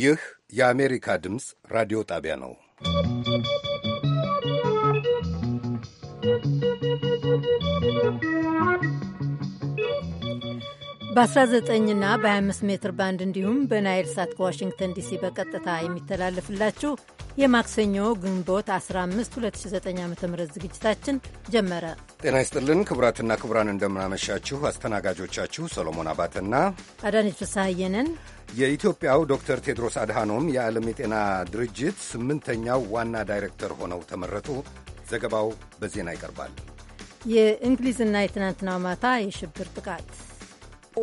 ይህ የአሜሪካ ድምፅ ራዲዮ ጣቢያ ነው። በ19ና በ25 ሜትር ባንድ እንዲሁም በናይል ሳት ከዋሽንግተን ዲሲ በቀጥታ የሚተላለፍላችሁ የማክሰኞ ግንቦት 15 2009 ዓ ም ዝግጅታችን ጀመረ። ጤና ይስጥልን ክቡራትና ክቡራን፣ እንደምናመሻችሁ። አስተናጋጆቻችሁ ሰሎሞን አባተና አዳነች ፍስሐዬ የኢትዮጵያው ዶክተር ቴድሮስ አድሃኖም የዓለም የጤና ድርጅት ስምንተኛው ዋና ዳይሬክተር ሆነው ተመረጡ። ዘገባው በዜና ይቀርባል። የእንግሊዝና የትናንትናው ማታ የሽብር ጥቃት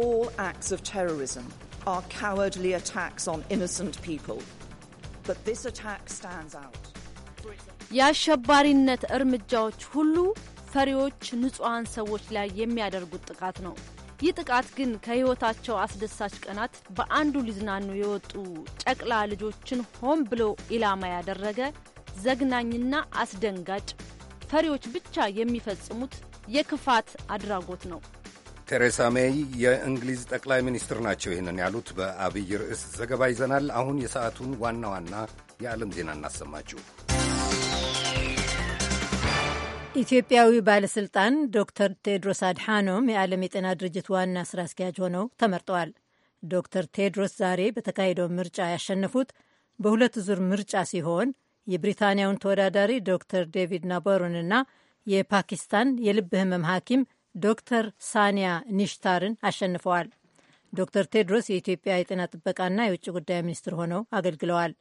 All acts of terrorism are cowardly attacks on innocent people. But this attack stands out. የአሸባሪነት እርምጃዎች ሁሉ ፈሪዎች ንጹሐን ሰዎች ላይ የሚያደርጉት ጥቃት ነው። ይህ ጥቃት ግን ከህይወታቸው አስደሳች ቀናት በአንዱ ሊዝናኑ የወጡ ጨቅላ ልጆችን ሆን ብሎ ኢላማ ያደረገ ዘግናኝና አስደንጋጭ ፈሪዎች ብቻ የሚፈጽሙት የክፋት አድራጎት ነው። ቴሬሳ ሜይ የእንግሊዝ ጠቅላይ ሚኒስትር ናቸው ይህንን ያሉት። በአብይ ርዕስ ዘገባ ይዘናል። አሁን የሰዓቱን ዋና ዋና የዓለም ዜና እናሰማችሁ። ኢትዮጵያዊ ባለስልጣን ዶክተር ቴድሮስ አድሓኖም የዓለም የጤና ድርጅት ዋና ስራ አስኪያጅ ሆነው ተመርጠዋል። ዶክተር ቴድሮስ ዛሬ በተካሄደው ምርጫ ያሸነፉት በሁለት ዙር ምርጫ ሲሆን የብሪታንያውን ተወዳዳሪ ዶክተር ዴቪድ ናቦሩንና የፓኪስታን የልብ ህመም ሐኪም ዶክተር ሳኒያ ኒሽታርን አሸንፈዋል። ዶክተር ቴድሮስ የኢትዮጵያ የጤና ጥበቃና የውጭ ጉዳይ ሚኒስትር ሆነው አገልግለዋል።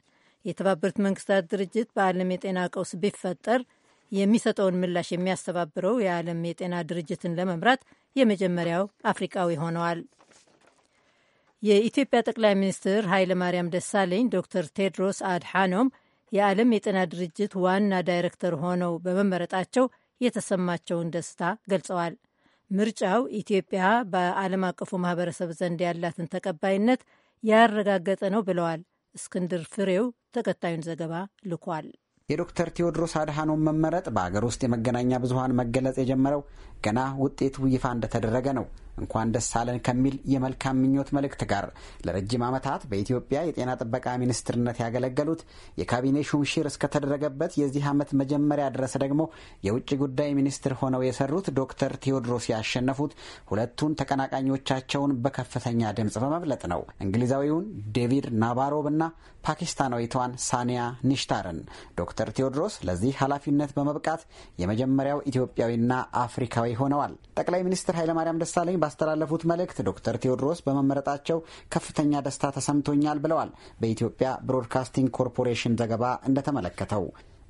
የተባበሩት መንግስታት ድርጅት በዓለም የጤና ቀውስ ቢፈጠር የሚሰጠውን ምላሽ የሚያስተባብረው የዓለም የጤና ድርጅትን ለመምራት የመጀመሪያው አፍሪቃዊ ሆነዋል። የኢትዮጵያ ጠቅላይ ሚኒስትር ኃይለ ማርያም ደሳለኝ ዶክተር ቴድሮስ አድሓኖም የዓለም የጤና ድርጅት ዋና ዳይሬክተር ሆነው በመመረጣቸው የተሰማቸውን ደስታ ገልጸዋል። ምርጫው ኢትዮጵያ በዓለም አቀፉ ማህበረሰብ ዘንድ ያላትን ተቀባይነት ያረጋገጠ ነው ብለዋል። እስክንድር ፍሬው ተከታዩን ዘገባ ልኳል። የዶክተር ቴዎድሮስ አድሃኖም መመረጥ በአገር ውስጥ የመገናኛ ብዙሀን መገለጽ የጀመረው ገና ውጤቱ ይፋ እንደተደረገ ነው። እንኳን ደስ አለን ከሚል የመልካም ምኞት መልእክት ጋር ለረጅም ዓመታት በኢትዮጵያ የጤና ጥበቃ ሚኒስትርነት ያገለገሉት የካቢኔ ሹምሽር እስከተደረገበት የዚህ ዓመት መጀመሪያ ድረስ ደግሞ የውጭ ጉዳይ ሚኒስትር ሆነው የሰሩት ዶክተር ቴዎድሮስ ያሸነፉት ሁለቱን ተቀናቃኞቻቸውን በከፍተኛ ድምፅ በመብለጥ ነው። እንግሊዛዊውን ዴቪድ እና ፓኪስታናዊቷን ሳኒያ ኒሽታርን። ዶክተር ቴዎድሮስ ለዚህ ኃላፊነት በመብቃት የመጀመሪያው ኢትዮጵያዊና አፍሪካዊ ሆነዋል። ጠቅላይ ሚኒስትር ኃይለማርያም ደሳለኝ ባስተላለፉት መልእክት ዶክተር ቴዎድሮስ በመመረጣቸው ከፍተኛ ደስታ ተሰምቶኛል ብለዋል። በኢትዮጵያ ብሮድካስቲንግ ኮርፖሬሽን ዘገባ እንደተመለከተው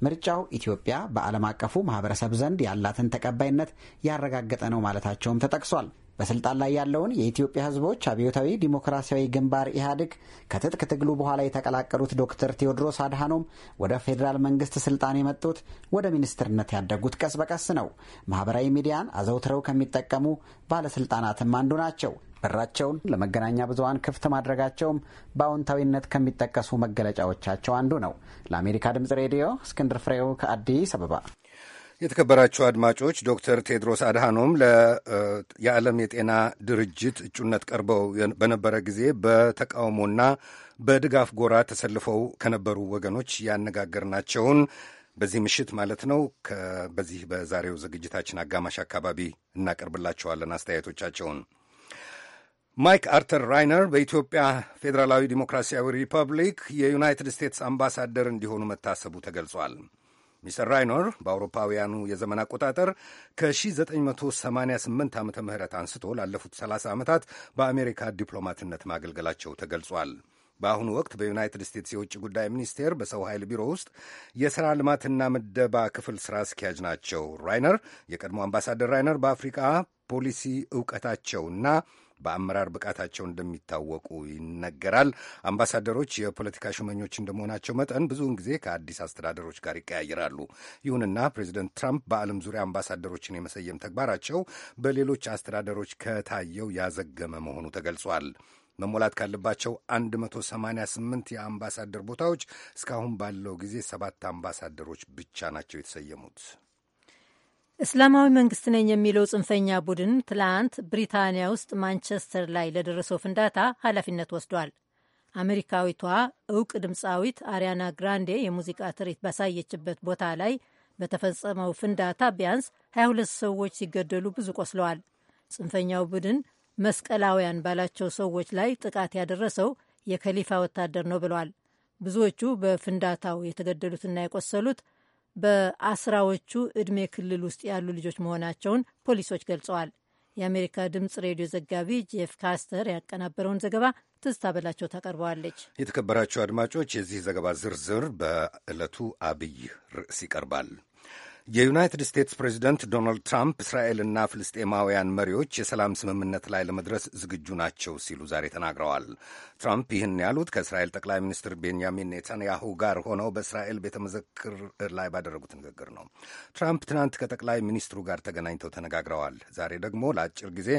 ምርጫው ኢትዮጵያ በዓለም አቀፉ ማህበረሰብ ዘንድ ያላትን ተቀባይነት ያረጋገጠ ነው ማለታቸውም ተጠቅሷል። በስልጣን ላይ ያለውን የኢትዮጵያ ህዝቦች አብዮታዊ ዲሞክራሲያዊ ግንባር ኢህአዴግ ከትጥቅ ትግሉ በኋላ የተቀላቀሉት ዶክተር ቴዎድሮስ አድሃኖም ወደ ፌዴራል መንግስት ስልጣን የመጡት ወደ ሚኒስትርነት ያደጉት ቀስ በቀስ ነው። ማህበራዊ ሚዲያን አዘውትረው ከሚጠቀሙ ባለስልጣናትም አንዱ ናቸው። በራቸውን ለመገናኛ ብዙሀን ክፍት ማድረጋቸውም በአዎንታዊነት ከሚጠቀሱ መገለጫዎቻቸው አንዱ ነው። ለአሜሪካ ድምጽ ሬዲዮ እስክንድር ፍሬው ከአዲስ አበባ የተከበራቸው አድማጮች ዶክተር ቴድሮስ አድሃኖም የዓለም የጤና ድርጅት እጩነት ቀርበው በነበረ ጊዜ በተቃውሞና በድጋፍ ጎራ ተሰልፈው ከነበሩ ወገኖች ያነጋገርናቸውን በዚህ ምሽት ማለት ነው። በዚህ በዛሬው ዝግጅታችን አጋማሽ አካባቢ እናቀርብላቸዋለን አስተያየቶቻቸውን። ማይክ አርተር ራይነር በኢትዮጵያ ፌዴራላዊ ዲሞክራሲያዊ ሪፐብሊክ የዩናይትድ ስቴትስ አምባሳደር እንዲሆኑ መታሰቡ ተገልጿል። ሚስተር ራይኖር በአውሮፓውያኑ የዘመን አቆጣጠር ከ1988 ዓመተ ምህረት አንስቶ ላለፉት 30 ዓመታት በአሜሪካ ዲፕሎማትነት ማገልገላቸው ተገልጿል። በአሁኑ ወቅት በዩናይትድ ስቴትስ የውጭ ጉዳይ ሚኒስቴር በሰው ኃይል ቢሮ ውስጥ የሥራ ልማትና ምደባ ክፍል ሥራ አስኪያጅ ናቸው። ራይነር የቀድሞ አምባሳደር ራይነር በአፍሪቃ ፖሊሲ እውቀታቸውና በአመራር ብቃታቸው እንደሚታወቁ ይነገራል። አምባሳደሮች የፖለቲካ ሹመኞች እንደመሆናቸው መጠን ብዙውን ጊዜ ከአዲስ አስተዳደሮች ጋር ይቀያየራሉ። ይሁንና ፕሬዚደንት ትራምፕ በዓለም ዙሪያ አምባሳደሮችን የመሰየም ተግባራቸው በሌሎች አስተዳደሮች ከታየው ያዘገመ መሆኑ ተገልጿል። መሞላት ካለባቸው 188 የአምባሳደር ቦታዎች እስካሁን ባለው ጊዜ ሰባት አምባሳደሮች ብቻ ናቸው የተሰየሙት። እስላማዊ መንግስት ነኝ የሚለው ጽንፈኛ ቡድን ትላንት ብሪታንያ ውስጥ ማንቸስተር ላይ ለደረሰው ፍንዳታ ኃላፊነት ወስዷል። አሜሪካዊቷ እውቅ ድምፃዊት አሪያና ግራንዴ የሙዚቃ ትርኢት ባሳየችበት ቦታ ላይ በተፈጸመው ፍንዳታ ቢያንስ 22 ሰዎች ሲገደሉ ብዙ ቆስለዋል። ጽንፈኛው ቡድን መስቀላውያን ባላቸው ሰዎች ላይ ጥቃት ያደረሰው የከሊፋ ወታደር ነው ብለዋል። ብዙዎቹ በፍንዳታው የተገደሉትና የቆሰሉት በአስራዎቹ ዕድሜ ክልል ውስጥ ያሉ ልጆች መሆናቸውን ፖሊሶች ገልጸዋል። የአሜሪካ ድምፅ ሬዲዮ ዘጋቢ ጄፍ ካስተር ያቀናበረውን ዘገባ ትዝታ በላቸው ታቀርበዋለች። የተከበራቸው አድማጮች፣ የዚህ ዘገባ ዝርዝር በዕለቱ አብይ ርዕስ ይቀርባል። የዩናይትድ ስቴትስ ፕሬዚደንት ዶናልድ ትራምፕ እስራኤልና ፍልስጤማውያን መሪዎች የሰላም ስምምነት ላይ ለመድረስ ዝግጁ ናቸው ሲሉ ዛሬ ተናግረዋል። ትራምፕ ይህን ያሉት ከእስራኤል ጠቅላይ ሚኒስትር ቤንያሚን ኔታንያሁ ጋር ሆነው በእስራኤል ቤተ መዘክር ላይ ባደረጉት ንግግር ነው። ትራምፕ ትናንት ከጠቅላይ ሚኒስትሩ ጋር ተገናኝተው ተነጋግረዋል። ዛሬ ደግሞ ለአጭር ጊዜ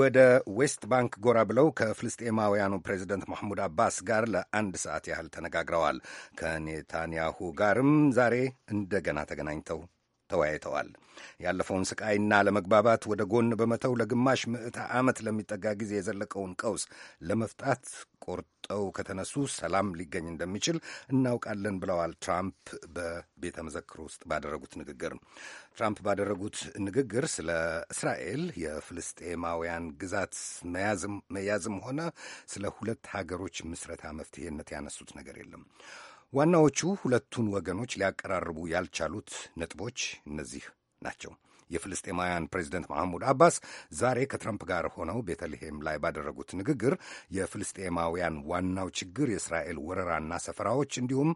ወደ ዌስት ባንክ ጎራ ብለው ከፍልስጤማውያኑ ፕሬዚደንት ማህሙድ አባስ ጋር ለአንድ ሰዓት ያህል ተነጋግረዋል። ከኔታንያሁ ጋርም ዛሬ እንደገና ተገናኝተው ተወያይተዋል። ያለፈውን ስቃይና ለመግባባት ወደ ጎን በመተው ለግማሽ ምዕተ ዓመት ለሚጠጋ ጊዜ የዘለቀውን ቀውስ ለመፍጣት ቆርጠው ከተነሱ ሰላም ሊገኝ እንደሚችል እናውቃለን ብለዋል ትራምፕ በቤተ መዘክር ውስጥ ባደረጉት ንግግር። ትራምፕ ባደረጉት ንግግር ስለ እስራኤል የፍልስጤማውያን ግዛት መያዝም ሆነ ስለ ሁለት ሀገሮች ምስረታ መፍትሄነት ያነሱት ነገር የለም። ዋናዎቹ ሁለቱን ወገኖች ሊያቀራርቡ ያልቻሉት ነጥቦች እነዚህ ናቸው። የፍልስጤማውያን ፕሬዚደንት መሐሙድ አባስ ዛሬ ከትረምፕ ጋር ሆነው ቤተልሔም ላይ ባደረጉት ንግግር የፍልስጤማውያን ዋናው ችግር የእስራኤል ወረራና ሰፈራዎች እንዲሁም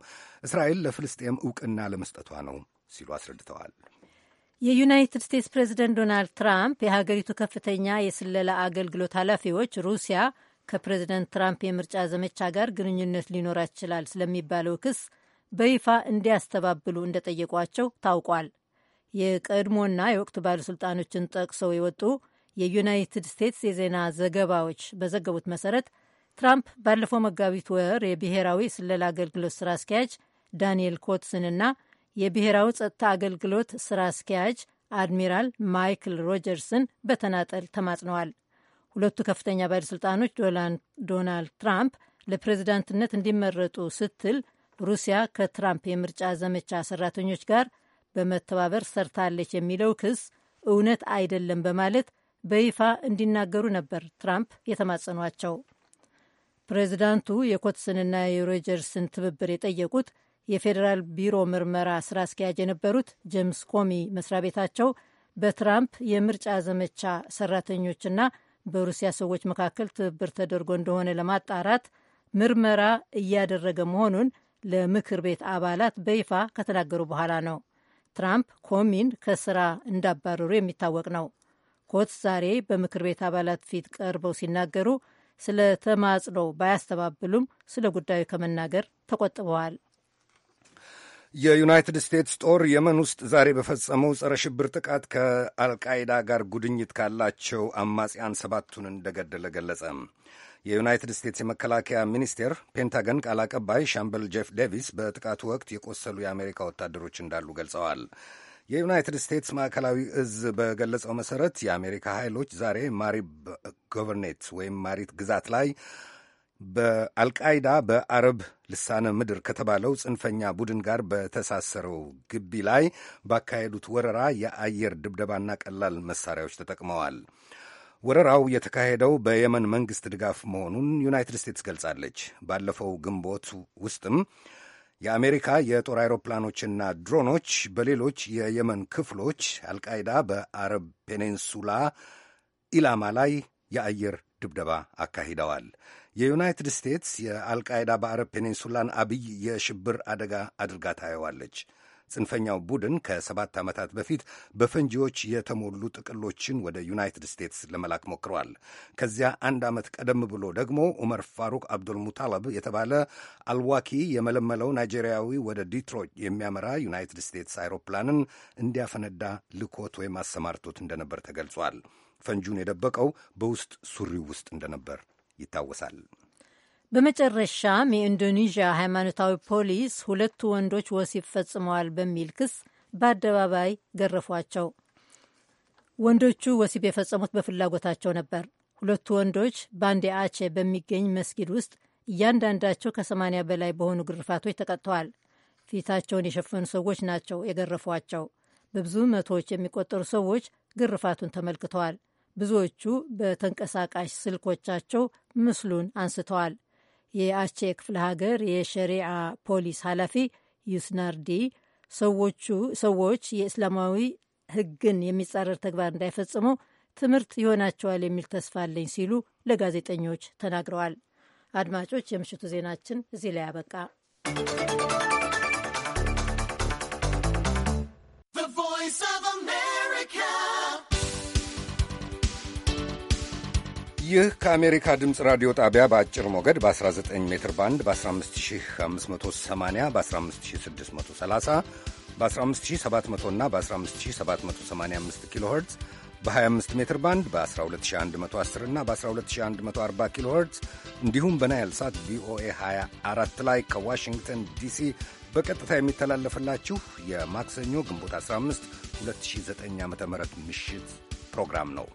እስራኤል ለፍልስጤም እውቅና ለመስጠቷ ነው ሲሉ አስረድተዋል። የዩናይትድ ስቴትስ ፕሬዚደንት ዶናልድ ትራምፕ የሀገሪቱ ከፍተኛ የስለላ አገልግሎት ኃላፊዎች ሩሲያ ከፕሬዝደንት ትራምፕ የምርጫ ዘመቻ ጋር ግንኙነት ሊኖራት ይችላል ስለሚባለው ክስ በይፋ እንዲያስተባብሉ እንደጠየቋቸው ታውቋል። የቀድሞና የወቅቱ ባለሥልጣኖችን ጠቅሰው የወጡ የዩናይትድ ስቴትስ የዜና ዘገባዎች በዘገቡት መሰረት ትራምፕ ባለፈው መጋቢት ወር የብሔራዊ ስለላ አገልግሎት ስራ አስኪያጅ ዳንኤል ኮትስንና የብሔራዊ ጸጥታ አገልግሎት ስራ አስኪያጅ አድሚራል ማይክል ሮጀርስን በተናጠል ተማጽነዋል። ሁለቱ ከፍተኛ ባለሥልጣኖች ዶናልድ ትራምፕ ለፕሬዝዳንትነት እንዲመረጡ ስትል ሩሲያ ከትራምፕ የምርጫ ዘመቻ ሰራተኞች ጋር በመተባበር ሰርታለች የሚለው ክስ እውነት አይደለም በማለት በይፋ እንዲናገሩ ነበር ትራምፕ የተማጸኗቸው። ፕሬዚዳንቱ የኮትስንና የሮጀርስን ትብብር የጠየቁት የፌዴራል ቢሮ ምርመራ ስራ አስኪያጅ የነበሩት ጄምስ ኮሚ መስሪያ ቤታቸው በትራምፕ የምርጫ ዘመቻ ሰራተኞችና በሩሲያ ሰዎች መካከል ትብብር ተደርጎ እንደሆነ ለማጣራት ምርመራ እያደረገ መሆኑን ለምክር ቤት አባላት በይፋ ከተናገሩ በኋላ ነው። ትራምፕ ኮሚን ከስራ እንዳባረሩ የሚታወቅ ነው። ኮት ዛሬ በምክር ቤት አባላት ፊት ቀርበው ሲናገሩ ስለ ተማጽኖ ባያስተባብሉም ስለ ጉዳዩ ከመናገር ተቆጥበዋል። የዩናይትድ ስቴትስ ጦር የመን ውስጥ ዛሬ በፈጸመው ጸረ ሽብር ጥቃት ከአልቃይዳ ጋር ጉድኝት ካላቸው አማጽያን ሰባቱን እንደገደለ ገለጸ። የዩናይትድ ስቴትስ የመከላከያ ሚኒስቴር ፔንታገን ቃል አቀባይ ሻምበል ጄፍ ዴቪስ በጥቃቱ ወቅት የቆሰሉ የአሜሪካ ወታደሮች እንዳሉ ገልጸዋል። የዩናይትድ ስቴትስ ማዕከላዊ እዝ በገለጸው መሠረት የአሜሪካ ኃይሎች ዛሬ ማሪብ ጎቨርኔት ወይም ማሪት ግዛት ላይ በአልቃይዳ በአረብ ልሳነ ምድር ከተባለው ጽንፈኛ ቡድን ጋር በተሳሰረው ግቢ ላይ ባካሄዱት ወረራ የአየር ድብደባና ቀላል መሳሪያዎች ተጠቅመዋል። ወረራው የተካሄደው በየመን መንግሥት ድጋፍ መሆኑን ዩናይትድ ስቴትስ ገልጻለች። ባለፈው ግንቦት ውስጥም የአሜሪካ የጦር አይሮፕላኖችና ድሮኖች በሌሎች የየመን ክፍሎች አልቃይዳ በአረብ ፔኒንሱላ ኢላማ ላይ የአየር ድብደባ አካሂደዋል። የዩናይትድ ስቴትስ የአልቃይዳ በአረብ ፔኒንሱላን አብይ የሽብር አደጋ አድርጋ ታየዋለች። ጽንፈኛው ቡድን ከሰባት ዓመታት በፊት በፈንጂዎች የተሞሉ ጥቅሎችን ወደ ዩናይትድ ስቴትስ ለመላክ ሞክሯል። ከዚያ አንድ ዓመት ቀደም ብሎ ደግሞ ዑመር ፋሩቅ አብዱል ሙታለብ የተባለ አልዋኪ የመለመለው ናይጄሪያዊ ወደ ዲትሮይት የሚያመራ ዩናይትድ ስቴትስ አይሮፕላንን እንዲያፈነዳ ልኮት ወይም አሰማርቶት እንደነበር ተገልጿል። ፈንጁን የደበቀው በውስጥ ሱሪው ውስጥ እንደነበር ይታወሳል። በመጨረሻም የኢንዶኔዥያ ሃይማኖታዊ ፖሊስ ሁለቱ ወንዶች ወሲብ ፈጽመዋል በሚል ክስ በአደባባይ ገረፏቸው። ወንዶቹ ወሲብ የፈጸሙት በፍላጎታቸው ነበር። ሁለቱ ወንዶች ባንዴ አቼ በሚገኝ መስጊድ ውስጥ እያንዳንዳቸው ከሰማንያ በላይ በሆኑ ግርፋቶች ተቀጥተዋል። ፊታቸውን የሸፈኑ ሰዎች ናቸው የገረፏቸው። በብዙ መቶዎች የሚቆጠሩ ሰዎች ግርፋቱን ተመልክተዋል። ብዙዎቹ በተንቀሳቃሽ ስልኮቻቸው ምስሉን አንስተዋል። የአቼ ክፍለ ሀገር የሸሪዓ ፖሊስ ኃላፊ ዩስናርዲ ሰዎቹ ሰዎች የእስላማዊ ሕግን የሚጻረር ተግባር እንዳይፈጽሙ ትምህርት ይሆናቸዋል የሚል ተስፋ አለኝ ሲሉ ለጋዜጠኞች ተናግረዋል። አድማጮች፣ የምሽቱ ዜናችን እዚህ ላይ አበቃ። ይህ ከአሜሪካ ድምፅ ራዲዮ ጣቢያ በአጭር ሞገድ በ19 ሜትር ባንድ በ15580 በ15630 በ15700 እና በ15785 ኪሎ ኸርትዝ በ25 ሜትር ባንድ በ12110 እና በ12140 ኪሎ ኸርትዝ እንዲሁም በናይል ሳት ቪኦኤ 24 ላይ ከዋሽንግተን ዲሲ በቀጥታ የሚተላለፍላችሁ የማክሰኞ ግንቦት 15 2009 ዓ ም ምሽት ፕሮግራም ነው።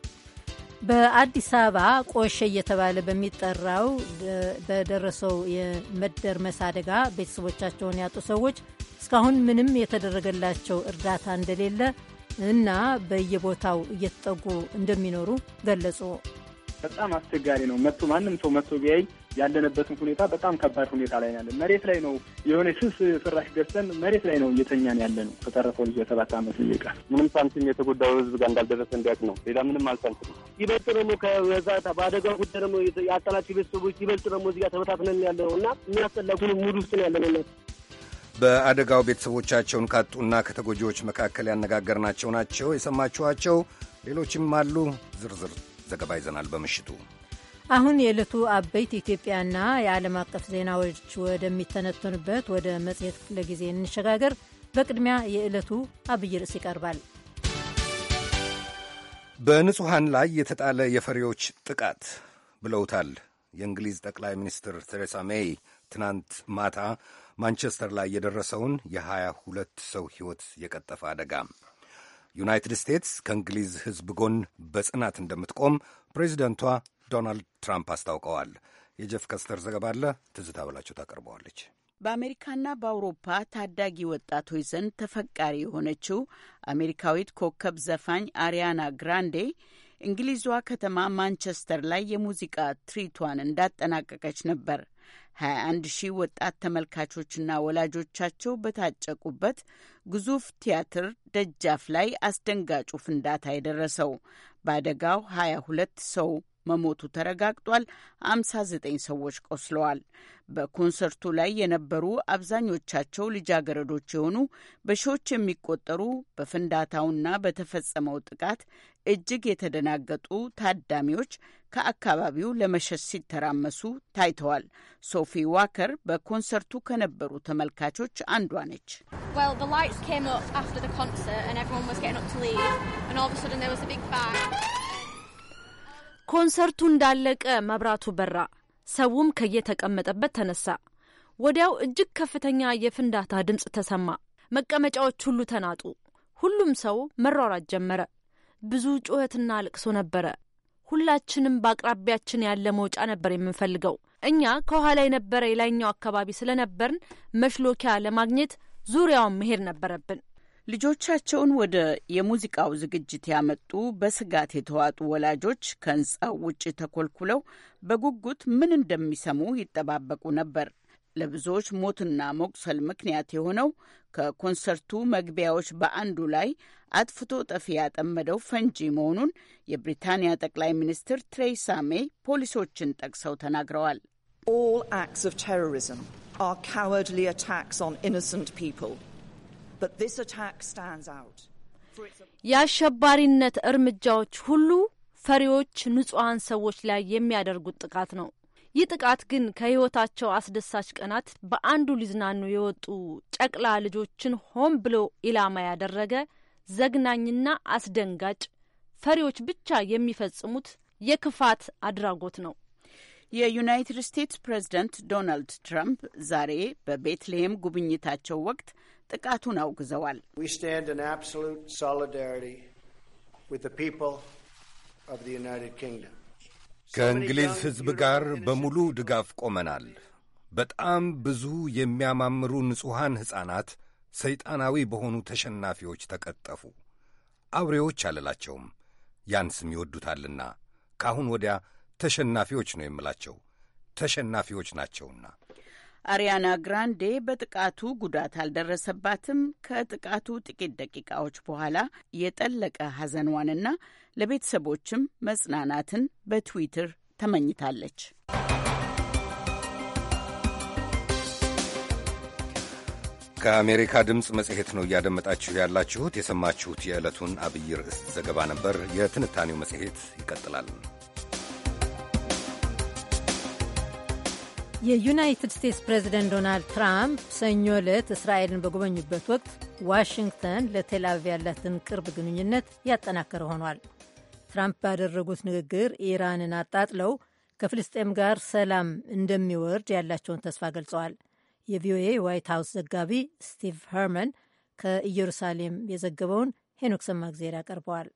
በአዲስ አበባ ቆሸ እየተባለ በሚጠራው በደረሰው የመደርመስ አደጋ ቤተሰቦቻቸውን ያጡ ሰዎች እስካሁን ምንም የተደረገላቸው እርዳታ እንደሌለ እና በየቦታው እየተጠጉ እንደሚኖሩ ገለጹ። በጣም አስቸጋሪ ነው። መቶ ማንም ሰው መቶ ቢያይ ያለንበትን ሁኔታ በጣም ከባድ ሁኔታ ላይ ያለን መሬት ላይ ነው። የሆነ ስስ ፍራሽ ገዝተን መሬት ላይ ነው እየተኛን ያለ ነው። ከተረፈው ልጅ የሰባት ዓመት ልጅ ምንም ሳንቲም የተጎዳው ህዝብ ጋር እንዳልደረሰ እንዲያውቅ ነው። ሌላ ምንም አልሳንቲም። ይበልጥ ደግሞ ከዛ በአደጋ ጉዳይ ደግሞ የአጠላቸው ቤተሰቦች ይበልጥ ደግሞ እዚጋ ተበታትነን ያለ ነው እና የሚያስጠላኩን ሙድ ውስጥ ነው ያለ ነው። በአደጋው ቤተሰቦቻቸውን ካጡና ከተጎጂዎች መካከል ያነጋገርናቸው ናቸው የሰማችኋቸው። ሌሎችም አሉ። ዝርዝር ዘገባ ይዘናል በምሽቱ አሁን የዕለቱ አበይት ኢትዮጵያና የዓለም አቀፍ ዜናዎች ወደሚተነተኑበት ወደ መጽሔት ክፍለ ጊዜ እንሸጋገር። በቅድሚያ የዕለቱ አብይ ርዕስ ይቀርባል። በንጹሐን ላይ የተጣለ የፈሪዎች ጥቃት ብለውታል የእንግሊዝ ጠቅላይ ሚኒስትር ቴሬሳ ሜይ ትናንት ማታ ማንቸስተር ላይ የደረሰውን የ ሁለት ሰው ሕይወት የቀጠፈ አደጋ። ዩናይትድ ስቴትስ ከእንግሊዝ ሕዝብ ጎን በጽናት እንደምትቆም ፕሬዚደንቷ ዶናልድ ትራምፕ አስታውቀዋል። የጀፍ ከስተር ዘገባ አለ ትዝታ ብላችሁ ታቀርበዋለች። በአሜሪካና በአውሮፓ ታዳጊ ወጣቶች ዘንድ ተፈቃሪ የሆነችው አሜሪካዊት ኮከብ ዘፋኝ አሪያና ግራንዴ እንግሊዟ ከተማ ማንቸስተር ላይ የሙዚቃ ትርኢቷን እንዳጠናቀቀች ነበር። 21 ሺህ ወጣት ተመልካቾችና ወላጆቻቸው በታጨቁበት ግዙፍ ቲያትር ደጃፍ ላይ አስደንጋጩ ፍንዳታ የደረሰው በአደጋው 22 ሰው መሞቱ ተረጋግጧል። 59 ሰዎች ቆስለዋል። በኮንሰርቱ ላይ የነበሩ አብዛኞቻቸው ልጃገረዶች የሆኑ በሺዎች የሚቆጠሩ በፍንዳታውና በተፈጸመው ጥቃት እጅግ የተደናገጡ ታዳሚዎች ከአካባቢው ለመሸሽ ሲተራመሱ ታይተዋል። ሶፊ ዋከር በኮንሰርቱ ከነበሩ ተመልካቾች አንዷ ነች። ኮንሰርቱ እንዳለቀ መብራቱ በራ፣ ሰውም ከየተቀመጠበት ተነሳ። ወዲያው እጅግ ከፍተኛ የፍንዳታ ድምፅ ተሰማ። መቀመጫዎች ሁሉ ተናጡ። ሁሉም ሰው መሯሯጥ ጀመረ። ብዙ ጩኸትና ልቅሶ ነበረ። ሁላችንም በአቅራቢያችን ያለ መውጫ ነበር የምንፈልገው። እኛ ከኋላ የነበረ የላይኛው አካባቢ ስለነበርን መሽሎኪያ ለማግኘት ዙሪያውን መሄድ ነበረብን። ልጆቻቸውን ወደ የሙዚቃው ዝግጅት ያመጡ በስጋት የተዋጡ ወላጆች ከህንፃው ውጭ ተኮልኩለው በጉጉት ምን እንደሚሰሙ ይጠባበቁ ነበር። ለብዙዎች ሞትና መቁሰል ምክንያት የሆነው ከኮንሰርቱ መግቢያዎች በአንዱ ላይ አጥፍቶ ጠፊ ያጠመደው ፈንጂ መሆኑን የብሪታንያ ጠቅላይ ሚኒስትር ትሬሳ ሜይ ፖሊሶችን ጠቅሰው ተናግረዋል። የአሸባሪነት እርምጃዎች ሁሉ ፈሪዎች ንጹሐን ሰዎች ላይ የሚያደርጉት ጥቃት ነው። ይህ ጥቃት ግን ከህይወታቸው አስደሳች ቀናት በአንዱ ሊዝናኑ የወጡ ጨቅላ ልጆችን ሆን ብሎ ኢላማ ያደረገ ዘግናኝና አስደንጋጭ ፈሪዎች ብቻ የሚፈጽሙት የክፋት አድራጎት ነው። የዩናይትድ ስቴትስ ፕሬዝደንት ዶናልድ ትራምፕ ዛሬ በቤትልሔም ጉብኝታቸው ወቅት ጥቃቱን አውግዘዋል። ኪንግደም ከእንግሊዝ ሕዝብ ጋር በሙሉ ድጋፍ ቆመናል። በጣም ብዙ የሚያማምሩ ንጹሐን ሕፃናት ሰይጣናዊ በሆኑ ተሸናፊዎች ተቀጠፉ። አውሬዎች አልላቸውም፣ ያን ስም ይወዱታልና። ከአሁን ወዲያ ተሸናፊዎች ነው የምላቸው፣ ተሸናፊዎች ናቸውና። አሪያና ግራንዴ በጥቃቱ ጉዳት አልደረሰባትም። ከጥቃቱ ጥቂት ደቂቃዎች በኋላ የጠለቀ ሐዘንዋንና ለቤተሰቦችም መጽናናትን በትዊትር ተመኝታለች። ከአሜሪካ ድምፅ መጽሔት ነው እያደመጣችሁ ያላችሁት። የሰማችሁት የዕለቱን አብይ ርዕስ ዘገባ ነበር። የትንታኔው መጽሔት ይቀጥላል። የዩናይትድ ስቴትስ ፕሬዝደንት ዶናልድ ትራምፕ ሰኞ ዕለት እስራኤልን በጎበኙበት ወቅት ዋሽንግተን ለቴል ያላትን ቅርብ ግንኙነት ያጠናከረ ሆኗል። ትራምፕ ባደረጉት ንግግር ኢራንን አጣጥለው ከፍልስጤም ጋር ሰላም እንደሚወርድ ያላቸውን ተስፋ ገልጸዋል። የቪኦኤ ዋይት ሀውስ ዘጋቢ ስቲቭ ሄርመን ከኢየሩሳሌም የዘገበውን ሄኖክ ሰማግዜር ያቀርበዋል።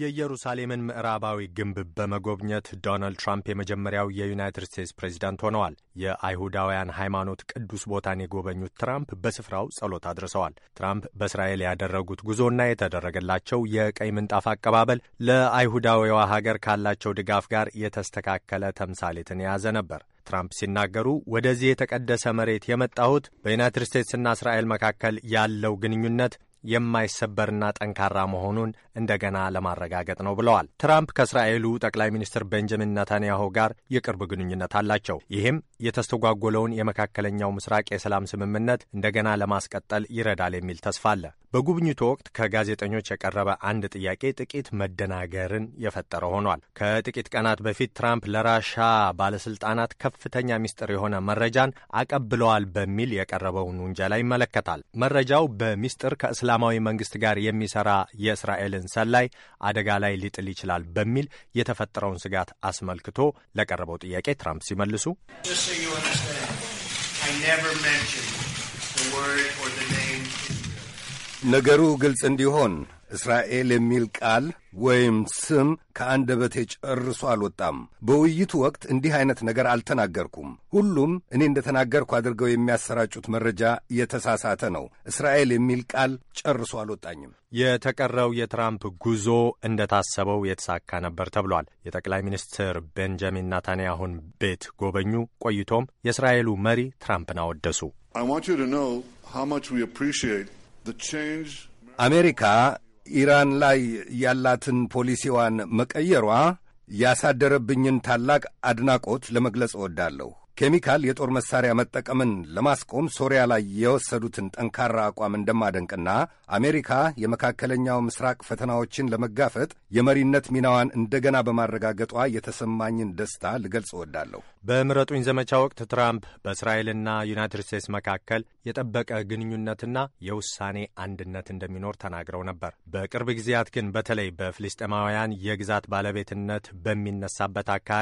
የኢየሩሳሌምን ምዕራባዊ ግንብ በመጎብኘት ዶናልድ ትራምፕ የመጀመሪያው የዩናይትድ ስቴትስ ፕሬዚዳንት ሆነዋል። የአይሁዳውያን ሃይማኖት ቅዱስ ቦታን የጎበኙት ትራምፕ በስፍራው ጸሎት አድርሰዋል። ትራምፕ በእስራኤል ያደረጉት ጉዞና የተደረገላቸው የቀይ ምንጣፍ አቀባበል ለአይሁዳዊዋ ሀገር ካላቸው ድጋፍ ጋር የተስተካከለ ተምሳሌትን የያዘ ነበር። ትራምፕ ሲናገሩ ወደዚህ የተቀደሰ መሬት የመጣሁት በዩናይትድ ስቴትስና እስራኤል መካከል ያለው ግንኙነት የማይሰበርና ጠንካራ መሆኑን እንደገና ለማረጋገጥ ነው ብለዋል። ትራምፕ ከእስራኤሉ ጠቅላይ ሚኒስትር ቤንጃሚን ነታንያሁ ጋር የቅርብ ግንኙነት አላቸው። ይህም የተስተጓጎለውን የመካከለኛው ምስራቅ የሰላም ስምምነት እንደገና ለማስቀጠል ይረዳል የሚል ተስፋ አለ። በጉብኝቱ ወቅት ከጋዜጠኞች የቀረበ አንድ ጥያቄ ጥቂት መደናገርን የፈጠረ ሆኗል። ከጥቂት ቀናት በፊት ትራምፕ ለራሻ ባለስልጣናት ከፍተኛ ሚስጥር የሆነ መረጃን አቀብለዋል በሚል የቀረበውን ውንጀላ ይመለከታል። መረጃው በሚስጥር ከእስላ ከእስላማዊ መንግስት ጋር የሚሰራ የእስራኤልን ሰላይ አደጋ ላይ ሊጥል ይችላል በሚል የተፈጠረውን ስጋት አስመልክቶ ለቀረበው ጥያቄ ትራምፕ ሲመልሱ ነገሩ ግልጽ እንዲሆን እስራኤል የሚል ቃል ወይም ስም ከአንደበቴ ጨርሶ አልወጣም። በውይይቱ ወቅት እንዲህ አይነት ነገር አልተናገርኩም። ሁሉም እኔ እንደተናገርኩ አድርገው የሚያሰራጩት መረጃ የተሳሳተ ነው። እስራኤል የሚል ቃል ጨርሶ አልወጣኝም። የተቀረው የትራምፕ ጉዞ እንደታሰበው የተሳካ ነበር ተብሏል። የጠቅላይ ሚኒስትር ቤንጃሚን ናታንያሁን ቤት ጎበኙ። ቆይቶም የእስራኤሉ መሪ ትራምፕን አወደሱ። አሜሪካ ኢራን ላይ ያላትን ፖሊሲዋን መቀየሯ ያሳደረብኝን ታላቅ አድናቆት ለመግለጽ እወዳለሁ። ኬሚካል የጦር መሳሪያ መጠቀምን ለማስቆም ሶሪያ ላይ የወሰዱትን ጠንካራ አቋም እንደማደንቅና አሜሪካ የመካከለኛው ምስራቅ ፈተናዎችን ለመጋፈጥ የመሪነት ሚናዋን እንደገና በማረጋገጧ የተሰማኝን ደስታ ልገልጽ እወዳለሁ። በምረጡኝ ዘመቻ ወቅት ትራምፕ በእስራኤልና ዩናይትድ ስቴትስ መካከል የጠበቀ ግንኙነትና የውሳኔ አንድነት እንደሚኖር ተናግረው ነበር። በቅርብ ጊዜያት ግን በተለይ በፍልስጤማውያን የግዛት ባለቤትነት በሚነሳበት አካባቢ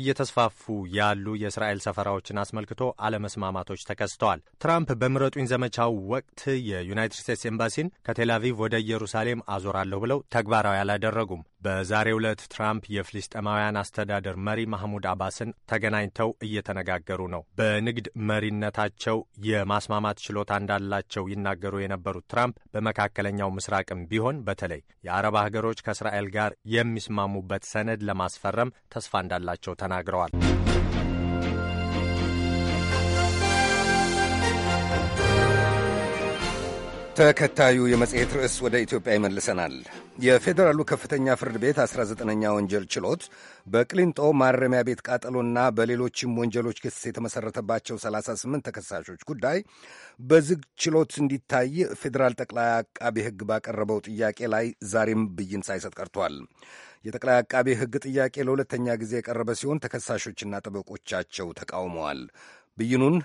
እየተስፋፉ ያሉ የእስራኤል ሰፈራዎችን አስመልክቶ አለመስማማቶች ተከስተዋል። ትራምፕ በምረጡኝ ዘመቻው ወቅት የዩናይትድ ስቴትስ ኤምባሲን ከቴላቪቭ ወደ ኢየሩሳሌም አዞራለሁ ብለው ተግባራዊ አላደረጉም። በዛሬ ዕለት ትራምፕ የፍልስጤማውያን አስተዳደር መሪ ማህሙድ አባስን ተገናኝተው እየተነጋገሩ ነው። በንግድ መሪነታቸው የማስማማ የማስማማት ችሎታ እንዳላቸው ይናገሩ የነበሩት ትራምፕ በመካከለኛው ምስራቅም ቢሆን በተለይ የአረብ ሀገሮች ከእስራኤል ጋር የሚስማሙበት ሰነድ ለማስፈረም ተስፋ እንዳላቸው ተናግረዋል። ተከታዩ የመጽሔት ርዕስ ወደ ኢትዮጵያ ይመልሰናል። የፌዴራሉ ከፍተኛ ፍርድ ቤት 19ኛ ወንጀል ችሎት በቅሊንጦ ማረሚያ ቤት ቃጠሎና በሌሎችም ወንጀሎች ክስ የተመሠረተባቸው 38 ተከሳሾች ጉዳይ በዝግ ችሎት እንዲታይ ፌዴራል ጠቅላይ አቃቤ ሕግ ባቀረበው ጥያቄ ላይ ዛሬም ብይን ሳይሰጥ ቀርቷል። የጠቅላይ አቃቤ ሕግ ጥያቄ ለሁለተኛ ጊዜ የቀረበ ሲሆን ተከሳሾችና ጠበቆቻቸው ተቃውመዋል። ብይኑን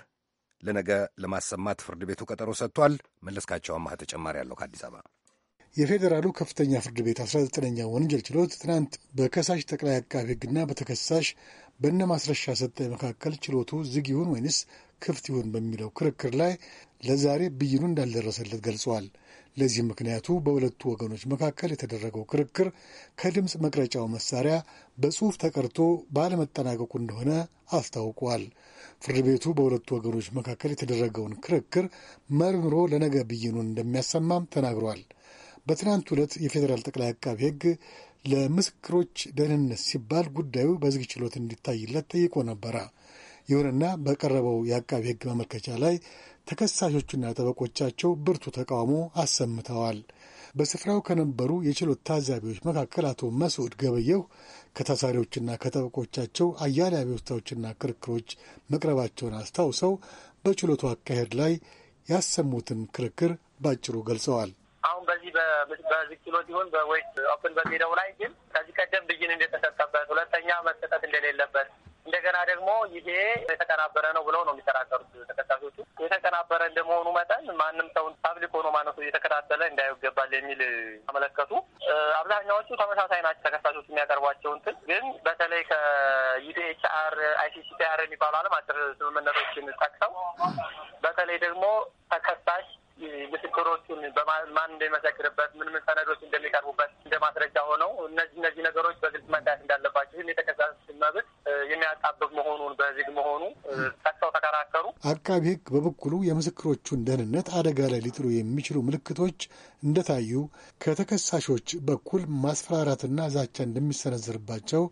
ለነገ ለማሰማት ፍርድ ቤቱ ቀጠሮ ሰጥቷል። መለስካቸው አማህ ተጨማሪ ያለው ከአዲስ አበባ የፌዴራሉ ከፍተኛ ፍርድ ቤት 19ኛ ወንጀል ችሎት ትናንት በከሳሽ ጠቅላይ አቃቢ ሕግና በተከሳሽ በነ ማስረሻ ሰጠኝ መካከል ችሎቱ ዝግ ይሁን ወይንስ ክፍት ይሁን በሚለው ክርክር ላይ ለዛሬ ብይኑ እንዳልደረሰለት ገልጸዋል። ለዚህም ምክንያቱ በሁለቱ ወገኖች መካከል የተደረገው ክርክር ከድምፅ መቅረጫው መሳሪያ በጽሑፍ ተቀርቶ ባለመጠናቀቁ እንደሆነ አስታውቋል። ፍርድ ቤቱ በሁለቱ ወገኖች መካከል የተደረገውን ክርክር መርምሮ ለነገ ብይኑን እንደሚያሰማም ተናግሯል። በትናንት ዕለት የፌዴራል ጠቅላይ አቃቢ ሕግ ለምስክሮች ደህንነት ሲባል ጉዳዩ በዝግ ችሎት እንዲታይለት ጠይቆ ነበረ። ይሁንና በቀረበው የአቃቢ ሕግ ማመልከቻ ላይ ተከሳሾቹና ጠበቆቻቸው ብርቱ ተቃውሞ አሰምተዋል። በስፍራው ከነበሩ የችሎት ታዛቢዎች መካከል አቶ መስዑድ ገበየሁ ከታሳሪዎችና ከጠበቆቻቸው አያሌ አቤቱታዎችና ክርክሮች መቅረባቸውን አስታውሰው በችሎቱ አካሄድ ላይ ያሰሙትን ክርክር ባጭሩ ገልጸዋል። አሁን በዚህ በዚህ ችሎት ይሁን በወይስ ኦፕን በሚለው ላይ ግን ከዚህ ቀደም ብይን እንደተሰጠበት ሁለተኛ መሰጠት እንደሌለበት እንደገና ደግሞ ይሄ የተቀናበረ ነው ብለው ነው የሚከራከሩት ተከሳሾቹ። የተቀናበረ እንደመሆኑ መጠን ማንም ሰውን ፓብሊክ ሆኖ ማነሱ እየተከታተለ እንዳይገባል የሚል አመለከቱ። አብዛኛዎቹ ተመሳሳይ ናቸው ተከሳሾቹ የሚያቀርቧቸው እንትን ግን በተለይ ከዩዲኤችአር አይሲሲፒአር የሚባሉ ዓለም አቀፍ ስምምነቶችን ጠቅሰው በተለይ ደግሞ ተከሳሽ ምስክሮቹን በማን እንደሚመሰክርበት ምን ምን ሰነዶች እንደሚቀርቡበት እንደ ማስረጃ ሆነው እነዚህ እነዚህ ነገሮች በግልጽ መታየት እንዳለባቸው ይህን የተከሳሽ መብት የሚያጣብብ መሆኑን በዚህ መሆኑ ሰጥተው ተከራከሩ። አቃቢ ሕግ በበኩሉ የምስክሮቹን ደህንነት አደጋ ላይ ሊጥሉ የሚችሉ ምልክቶች እንደታዩ ከተከሳሾች በኩል ማስፈራራትና ዛቻ እንደሚሰነዝርባቸው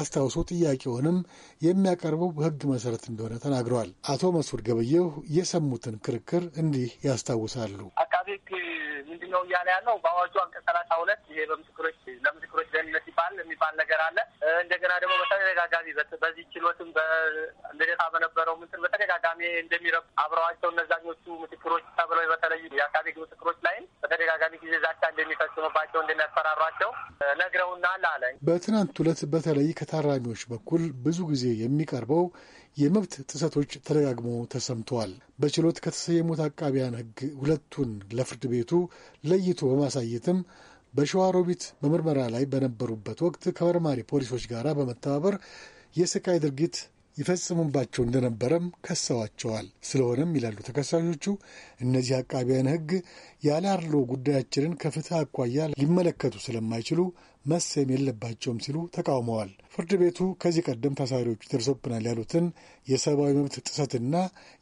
አስታውሶ ጥያቄውንም የሚያቀርበው በሕግ መሰረት እንደሆነ ተናግረዋል። አቶ መስዑድ ገበየሁ የሰሙትን ክርክር እንዲህ ያስታውሳሉ። አቃቤ ሕግ ምንድነው እያለ ያለው በአዋጁ አንቀጽ ሰላሳ ሁለት ይሄ በምስክሮች ለምስክሮች ደህንነት ሲባል የሚባል ነገር አለ። እንደገና ደግሞ በተደጋጋሚ በዚህ ችሎትም በልደታ በነበረው ምንትን በተደጋጋሚ እንደሚረብ አብረዋቸው እነዛኞቹ ምስክሮች ተብለው በተለዩ የአቃቤ ሕግ ምስክሮች ላይም በተደጋጋሚ ጊዜ ዛቻ እንደሚፈጽሙባቸው እንደሚያስፈራሯቸው ነግረውናል አለ። በትናንት ሁለት በተለይ ከታራሚዎች በኩል ብዙ ጊዜ የሚቀርበው የመብት ጥሰቶች ተደጋግሞ ተሰምተዋል። በችሎት ከተሰየሙት አቃቢያን ሕግ ሁለቱን ለፍርድ ቤቱ ለይቶ በማሳየትም በሸዋሮቢት በምርመራ ላይ በነበሩበት ወቅት ከመርማሪ ፖሊሶች ጋር በመተባበር የስቃይ ድርጊት ይፈጽሙባቸው እንደነበረም ከሰዋቸዋል። ስለሆነም ይላሉ ተከሳሾቹ፣ እነዚህ አቃቢያን ሕግ ያለ አድሎ ጉዳያችንን ከፍትህ አኳያ ሊመለከቱ ስለማይችሉ መሰየም የለባቸውም ሲሉ ተቃውመዋል። ፍርድ ቤቱ ከዚህ ቀደም ታሳሪዎቹ ደርሶብናል ያሉትን የሰብአዊ መብት ጥሰትና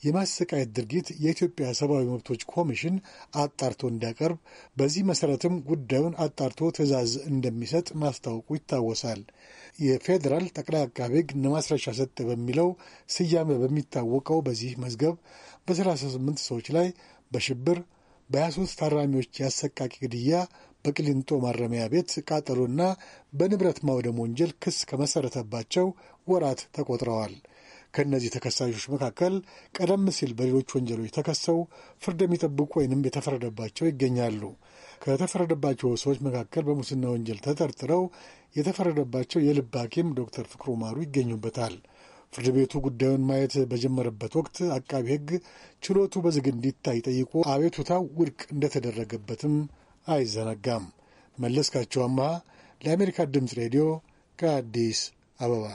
የማሰቃየት ድርጊት የኢትዮጵያ ሰብአዊ መብቶች ኮሚሽን አጣርቶ እንዲያቀርብ፣ በዚህ መሰረትም ጉዳዩን አጣርቶ ትዕዛዝ እንደሚሰጥ ማስታወቁ ይታወሳል። የፌዴራል ጠቅላይ አቃቤ ሕግ ማስረሻ ሰጠ በሚለው ስያሜ በሚታወቀው በዚህ መዝገብ በ38 ሰዎች ላይ በሽብር በ23 ታራሚዎች የአሰቃቂ ግድያ በቅሊንጦ ማረሚያ ቤት ቃጠሎና በንብረት ማውደም ወንጀል ክስ ከመሰረተባቸው ወራት ተቆጥረዋል። ከእነዚህ ተከሳሾች መካከል ቀደም ሲል በሌሎች ወንጀሎች ተከሰው ፍርድ የሚጠብቁ ወይንም የተፈረደባቸው ይገኛሉ። ከተፈረደባቸው ሰዎች መካከል በሙስና ወንጀል ተጠርጥረው የተፈረደባቸው የልብ ሐኪም ዶክተር ፍቅሩ ማሩ ይገኙበታል። ፍርድ ቤቱ ጉዳዩን ማየት በጀመረበት ወቅት አቃቢ ሕግ ችሎቱ በዝግ እንዲታይ ጠይቆ አቤቱታው ውድቅ እንደተደረገበትም አይዘነጋም። መለስካቸው አምሃ ለአሜሪካ ድምፅ ሬዲዮ ከአዲስ አበባ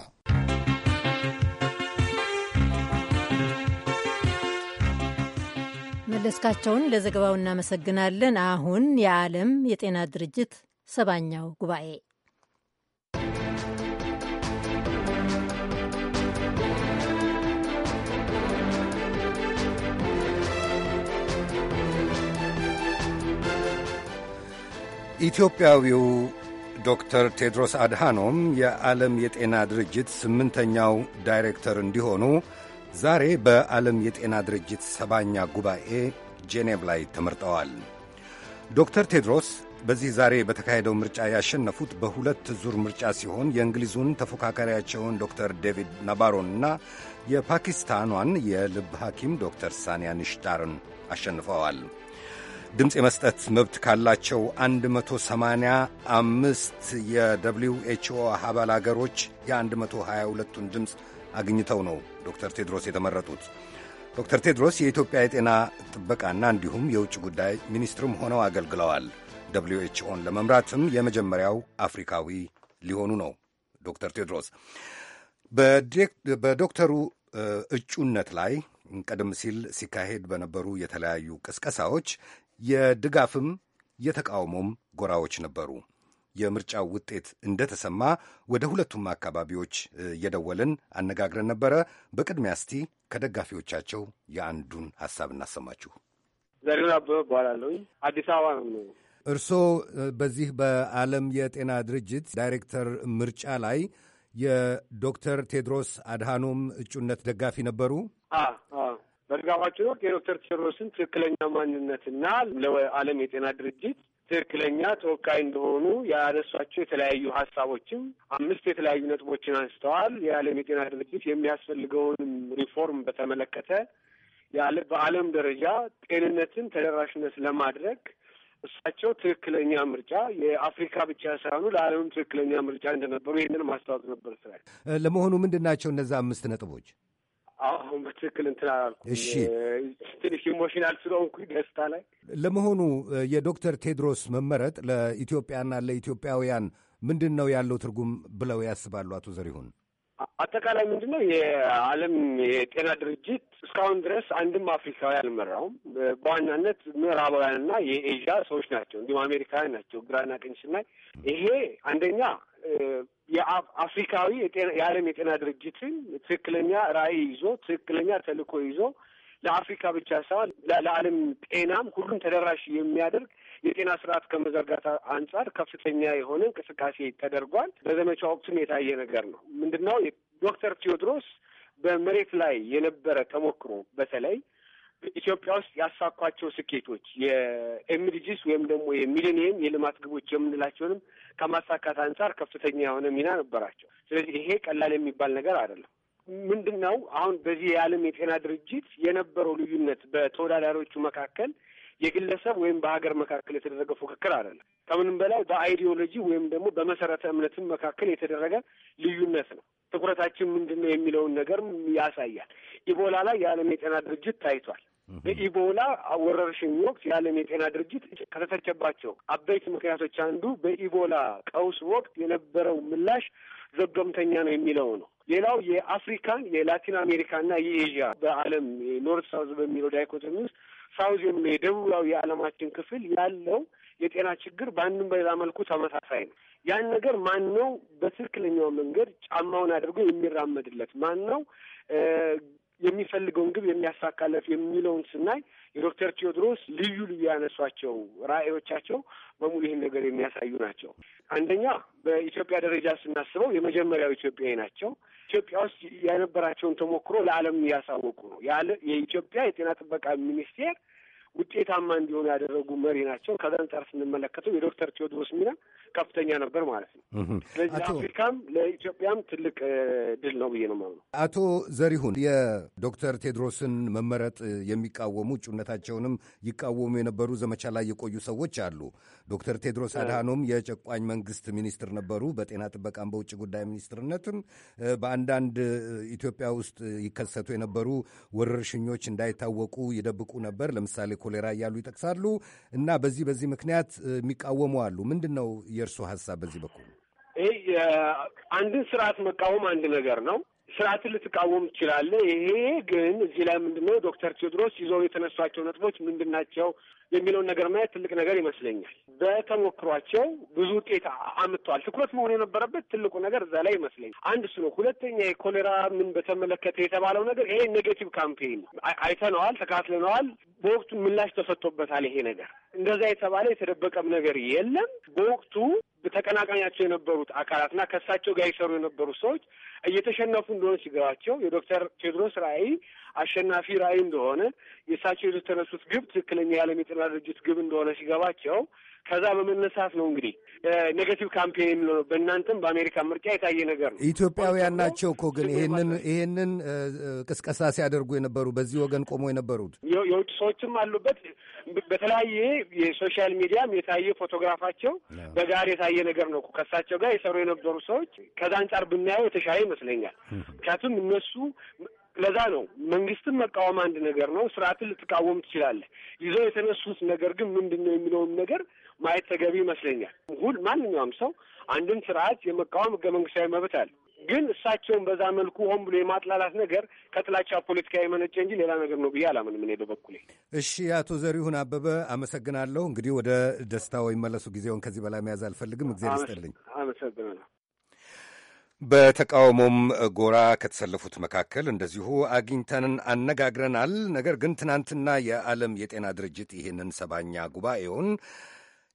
መለስካቸውን ለዘገባው እናመሰግናለን። አሁን የዓለም የጤና ድርጅት ሰባኛው ጉባኤ ኢትዮጵያዊው ዶክተር ቴድሮስ አድሃኖም የዓለም የጤና ድርጅት ስምንተኛው ዳይሬክተር እንዲሆኑ ዛሬ በዓለም የጤና ድርጅት ሰባኛ ጉባኤ ጄኔቭ ላይ ተመርጠዋል። ዶክተር ቴድሮስ በዚህ ዛሬ በተካሄደው ምርጫ ያሸነፉት በሁለት ዙር ምርጫ ሲሆን የእንግሊዙን ተፎካካሪያቸውን ዶክተር ዴቪድ ናባሮንና የፓኪስታኗን የልብ ሐኪም ዶክተር ሳኒያ ንሽዳርን አሸንፈዋል። ድምፅ የመስጠት መብት ካላቸው 185 የደብሊው ኤችኦ አባል አገሮች የ122ቱን ድምፅ አግኝተው ነው ዶክተር ቴድሮስ የተመረጡት። ዶክተር ቴድሮስ የኢትዮጵያ የጤና ጥበቃና እንዲሁም የውጭ ጉዳይ ሚኒስትርም ሆነው አገልግለዋል። ደብሊዩ ኤችኦን ለመምራትም የመጀመሪያው አፍሪካዊ ሊሆኑ ነው። ዶክተር ቴድሮስ በዶክተሩ እጩነት ላይ ቀደም ሲል ሲካሄድ በነበሩ የተለያዩ ቅስቀሳዎች የድጋፍም የተቃውሞም ጎራዎች ነበሩ። የምርጫው ውጤት እንደተሰማ ወደ ሁለቱም አካባቢዎች እየደወልን አነጋግረን ነበረ። በቅድሚያ እስቲ ከደጋፊዎቻቸው የአንዱን ሀሳብ እናሰማችሁ። ዘሪሁን አበበ እባላለሁ። አዲስ አበባ ነው። እርስዎ በዚህ በዓለም የጤና ድርጅት ዳይሬክተር ምርጫ ላይ የዶክተር ቴድሮስ አድሃኖም እጩነት ደጋፊ ነበሩ። በድጋፋችን ወቅት የዶክተር ቴዎድሮስን ትክክለኛ ማንነትና ለዓለም የጤና ድርጅት ትክክለኛ ተወካይ እንደሆኑ ያነሷቸው የተለያዩ ሀሳቦችም አምስት የተለያዩ ነጥቦችን አንስተዋል። የዓለም የጤና ድርጅት የሚያስፈልገውንም ሪፎርም በተመለከተ በዓለም ደረጃ ጤንነትን ተደራሽነት ለማድረግ እሳቸው ትክክለኛ ምርጫ የአፍሪካ ብቻ ሳይሆኑ ለዓለምም ትክክለኛ ምርጫ እንደነበሩ ይህንን ማስታወቅ ነበር ስራል። ለመሆኑ ምንድን ናቸው እነዛ አምስት ነጥቦች? አሁን በትክክል እንትን አላልኩም። እሺ ትንሽ ኢሞሽናል ስለሆንኩኝ ደስታ ላይ። ለመሆኑ የዶክተር ቴድሮስ መመረጥ ለኢትዮጵያና ለኢትዮጵያውያን ምንድን ነው ያለው ትርጉም ብለው ያስባሉ አቶ ዘሪሁን? አጠቃላይ ምንድን ነው የዓለም የጤና ድርጅት እስካሁን ድረስ አንድም አፍሪካዊ አልመራውም። በዋናነት ምዕራባውያንና የኤዥያ ሰዎች ናቸው፣ እንዲሁም አሜሪካውያን ናቸው ግራና ቀኝ ስናይ። ይሄ አንደኛ የአፍሪካዊ የዓለም የጤና ድርጅትን ትክክለኛ ራዕይ ይዞ ትክክለኛ ተልዕኮ ይዞ ለአፍሪካ ብቻ ሳይሆን ለዓለም ጤናም ሁሉም ተደራሽ የሚያደርግ የጤና ስርዓት ከመዘርጋት አንጻር ከፍተኛ የሆነ እንቅስቃሴ ተደርጓል። በዘመቻ ወቅቱም የታየ ነገር ነው። ምንድነው ዶክተር ቴዎድሮስ በመሬት ላይ የነበረ ተሞክሮ በተለይ ኢትዮጵያ ውስጥ ያሳኳቸው ስኬቶች የኤምዲጂስ ወይም ደግሞ የሚሊኒየም የልማት ግቦች የምንላቸውንም ከማሳካት አንጻር ከፍተኛ የሆነ ሚና ነበራቸው። ስለዚህ ይሄ ቀላል የሚባል ነገር አይደለም። ምንድን ነው አሁን በዚህ የዓለም የጤና ድርጅት የነበረው ልዩነት በተወዳዳሪዎቹ መካከል የግለሰብ ወይም በሀገር መካከል የተደረገ ፉክክር አይደለም። ከምንም በላይ በአይዲዮሎጂ ወይም ደግሞ በመሰረተ እምነትም መካከል የተደረገ ልዩነት ነው። ትኩረታችን ምንድን ነው የሚለውን ነገር ያሳያል። ኢቦላ ላይ የዓለም የጤና ድርጅት ታይቷል። በኢቦላ ወረርሽኝ ወቅት የዓለም የጤና ድርጅት ከተተቸባቸው አበይት ምክንያቶች አንዱ በኢቦላ ቀውስ ወቅት የነበረው ምላሽ ዘገምተኛ ነው የሚለው ነው። ሌላው የአፍሪካን የላቲን አሜሪካና የኤዥያ በዓለም የኖርት ሳውዝ በሚለው ዳይኮቶሚ ውስጥ ሳውዝ የደቡባዊ የዓለማችን ክፍል ያለው የጤና ችግር በአንድም በሌላ መልኩ ተመሳሳይ ነው። ያን ነገር ማን ነው በትክክለኛው መንገድ ጫማውን አድርጎ የሚራመድለት? ማን ነው የሚፈልገውን ግብ የሚያሳካለት የሚለውን ስናይ የዶክተር ቴዎድሮስ ልዩ ልዩ ያነሷቸው ራዕዮቻቸው በሙሉ ይህን ነገር የሚያሳዩ ናቸው። አንደኛ በኢትዮጵያ ደረጃ ስናስበው የመጀመሪያው ኢትዮጵያዊ ናቸው። ኢትዮጵያ ውስጥ የነበራቸውን ተሞክሮ ለዓለም እያሳወቁ ነው። የኢትዮጵያ የጤና ጥበቃ ሚኒስቴር ውጤታማ እንዲሆኑ ያደረጉ መሪ ናቸው። ከዛ አንጻር ስንመለከተው የዶክተር ቴዎድሮስ ሚና ከፍተኛ ነበር ማለት ነው። ስለዚህ ለአፍሪካም ለኢትዮጵያም ትልቅ ድል ነው ብዬ ነው የማምነው። አቶ ዘሪሁን የዶክተር ቴዎድሮስን መመረጥ የሚቃወሙ እጩነታቸውንም ይቃወሙ የነበሩ ዘመቻ ላይ የቆዩ ሰዎች አሉ። ዶክተር ቴድሮስ አድሃኖም የጨቋኝ መንግስት ሚኒስትር ነበሩ። በጤና ጥበቃም በውጭ ጉዳይ ሚኒስትርነትም በአንዳንድ ኢትዮጵያ ውስጥ ይከሰቱ የነበሩ ወረርሽኞች እንዳይታወቁ ይደብቁ ነበር። ለምሳሌ ኮሌራ እያሉ ይጠቅሳሉ እና በዚህ በዚህ ምክንያት የሚቃወሙ አሉ። ምንድን ነው የእርሱ ሀሳብ በዚህ በኩል? ይህ አንድን ስርዓት መቃወም አንድ ነገር ነው። ስርዓትን ልትቃወም ትችላለህ። ይሄ ግን እዚህ ላይ ምንድነው ዶክተር ቴዎድሮስ ይዘው የተነሷቸው ነጥቦች ምንድን ናቸው የሚለውን ነገር ማየት ትልቅ ነገር ይመስለኛል። በተሞክሯቸው ብዙ ውጤት አምጥተዋል። ትኩረት መሆን የነበረበት ትልቁ ነገር እዛ ላይ ይመስለኛል። አንድ እሱ ነው። ሁለተኛ የኮሌራ ምን በተመለከተ የተባለው ነገር ይሄ ኔጌቲቭ ካምፔን አይተነዋል፣ ተካትለነዋል። በወቅቱ ምላሽ ተሰጥቶበታል። ይሄ ነገር እንደዛ የተባለ የተደበቀም ነገር የለም። በወቅቱ ተቀናቃኛቸው የነበሩት አካላትና ከእሳቸው ጋር ይሰሩ የነበሩት ሰዎች እየተሸነፉ እንደሆነ ሲገባቸው የዶክተር ቴድሮስ ራዕይ አሸናፊ ራዕይ እንደሆነ የእሳቸው የተነሱት ግብ ትክክለኛ የዓለም የጤና ድርጅት ግብ እንደሆነ ሲገባቸው ከዛ በመነሳት ነው እንግዲህ ኔጋቲቭ ካምፔን የሚለው በእናንተም በአሜሪካ ምርጫ የታየ ነገር ነው። ኢትዮጵያውያን ናቸው እኮ ግን ይሄንን ይሄንን ቅስቀሳ ሲያደርጉ የነበሩ በዚህ ወገን ቆሞ የነበሩት የውጭ ሰዎችም አሉበት። በተለያየ የሶሻል ሚዲያም የታየ ፎቶግራፋቸው በጋር የታየ ነገር ነው። ከእሳቸው ጋር የሰሩ የነበሩ ሰዎች ከዛ አንጻር ብናየው የተሻለ ይመስለኛል። ምክንያቱም እነሱ ለዛ ነው መንግስትን መቃወም አንድ ነገር ነው። ስርዓትን ልትቃወም ትችላለህ። ይዘው የተነሱት ነገር ግን ምንድን ነው የሚለውን ነገር ማየት ተገቢ ይመስለኛል። ሁል ማንኛውም ሰው አንድን ስርዓት የመቃወም ህገ መንግስታዊ መብት አለ። ግን እሳቸውን በዛ መልኩ ሆን ብሎ የማጥላላት ነገር ከጥላቻ ፖለቲካ የመነጨ እንጂ ሌላ ነገር ነው ብዬ አላምንም እኔ በበኩሌ። እሺ፣ አቶ ዘሪሁን አበበ አመሰግናለሁ። እንግዲህ ወደ ደስታው ይመለሱ። ጊዜውን ከዚህ በላይ መያዝ አልፈልግም። እግዚአብሔር ይስጥልኝ። አመሰግናለሁ። በተቃውሞም ጎራ ከተሰለፉት መካከል እንደዚሁ አግኝተን አነጋግረናል። ነገር ግን ትናንትና የዓለም የጤና ድርጅት ይህንን ሰባኛ ጉባኤውን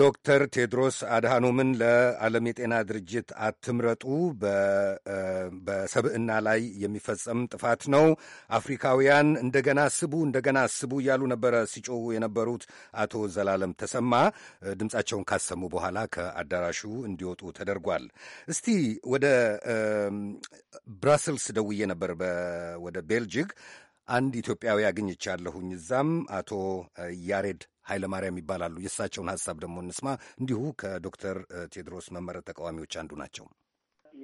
ዶክተር ቴድሮስ አድሃኖምን ለዓለም የጤና ድርጅት አትምረጡ በሰብዕና ላይ የሚፈጸም ጥፋት ነው፣ አፍሪካውያን እንደገና ስቡ እንደገና ስቡ እያሉ ነበረ ሲጮሁ የነበሩት አቶ ዘላለም ተሰማ ድምፃቸውን ካሰሙ በኋላ ከአዳራሹ እንዲወጡ ተደርጓል። እስቲ ወደ ብራስልስ ደውዬ ነበር ወደ ቤልጅግ አንድ ኢትዮጵያዊ አግኝቻለሁኝ። እዛም አቶ ያሬድ ኃይለማርያም ይባላሉ። የእሳቸውን ሀሳብ ደግሞ እንስማ። እንዲሁ ከዶክተር ቴድሮስ መመረት ተቃዋሚዎች አንዱ ናቸው።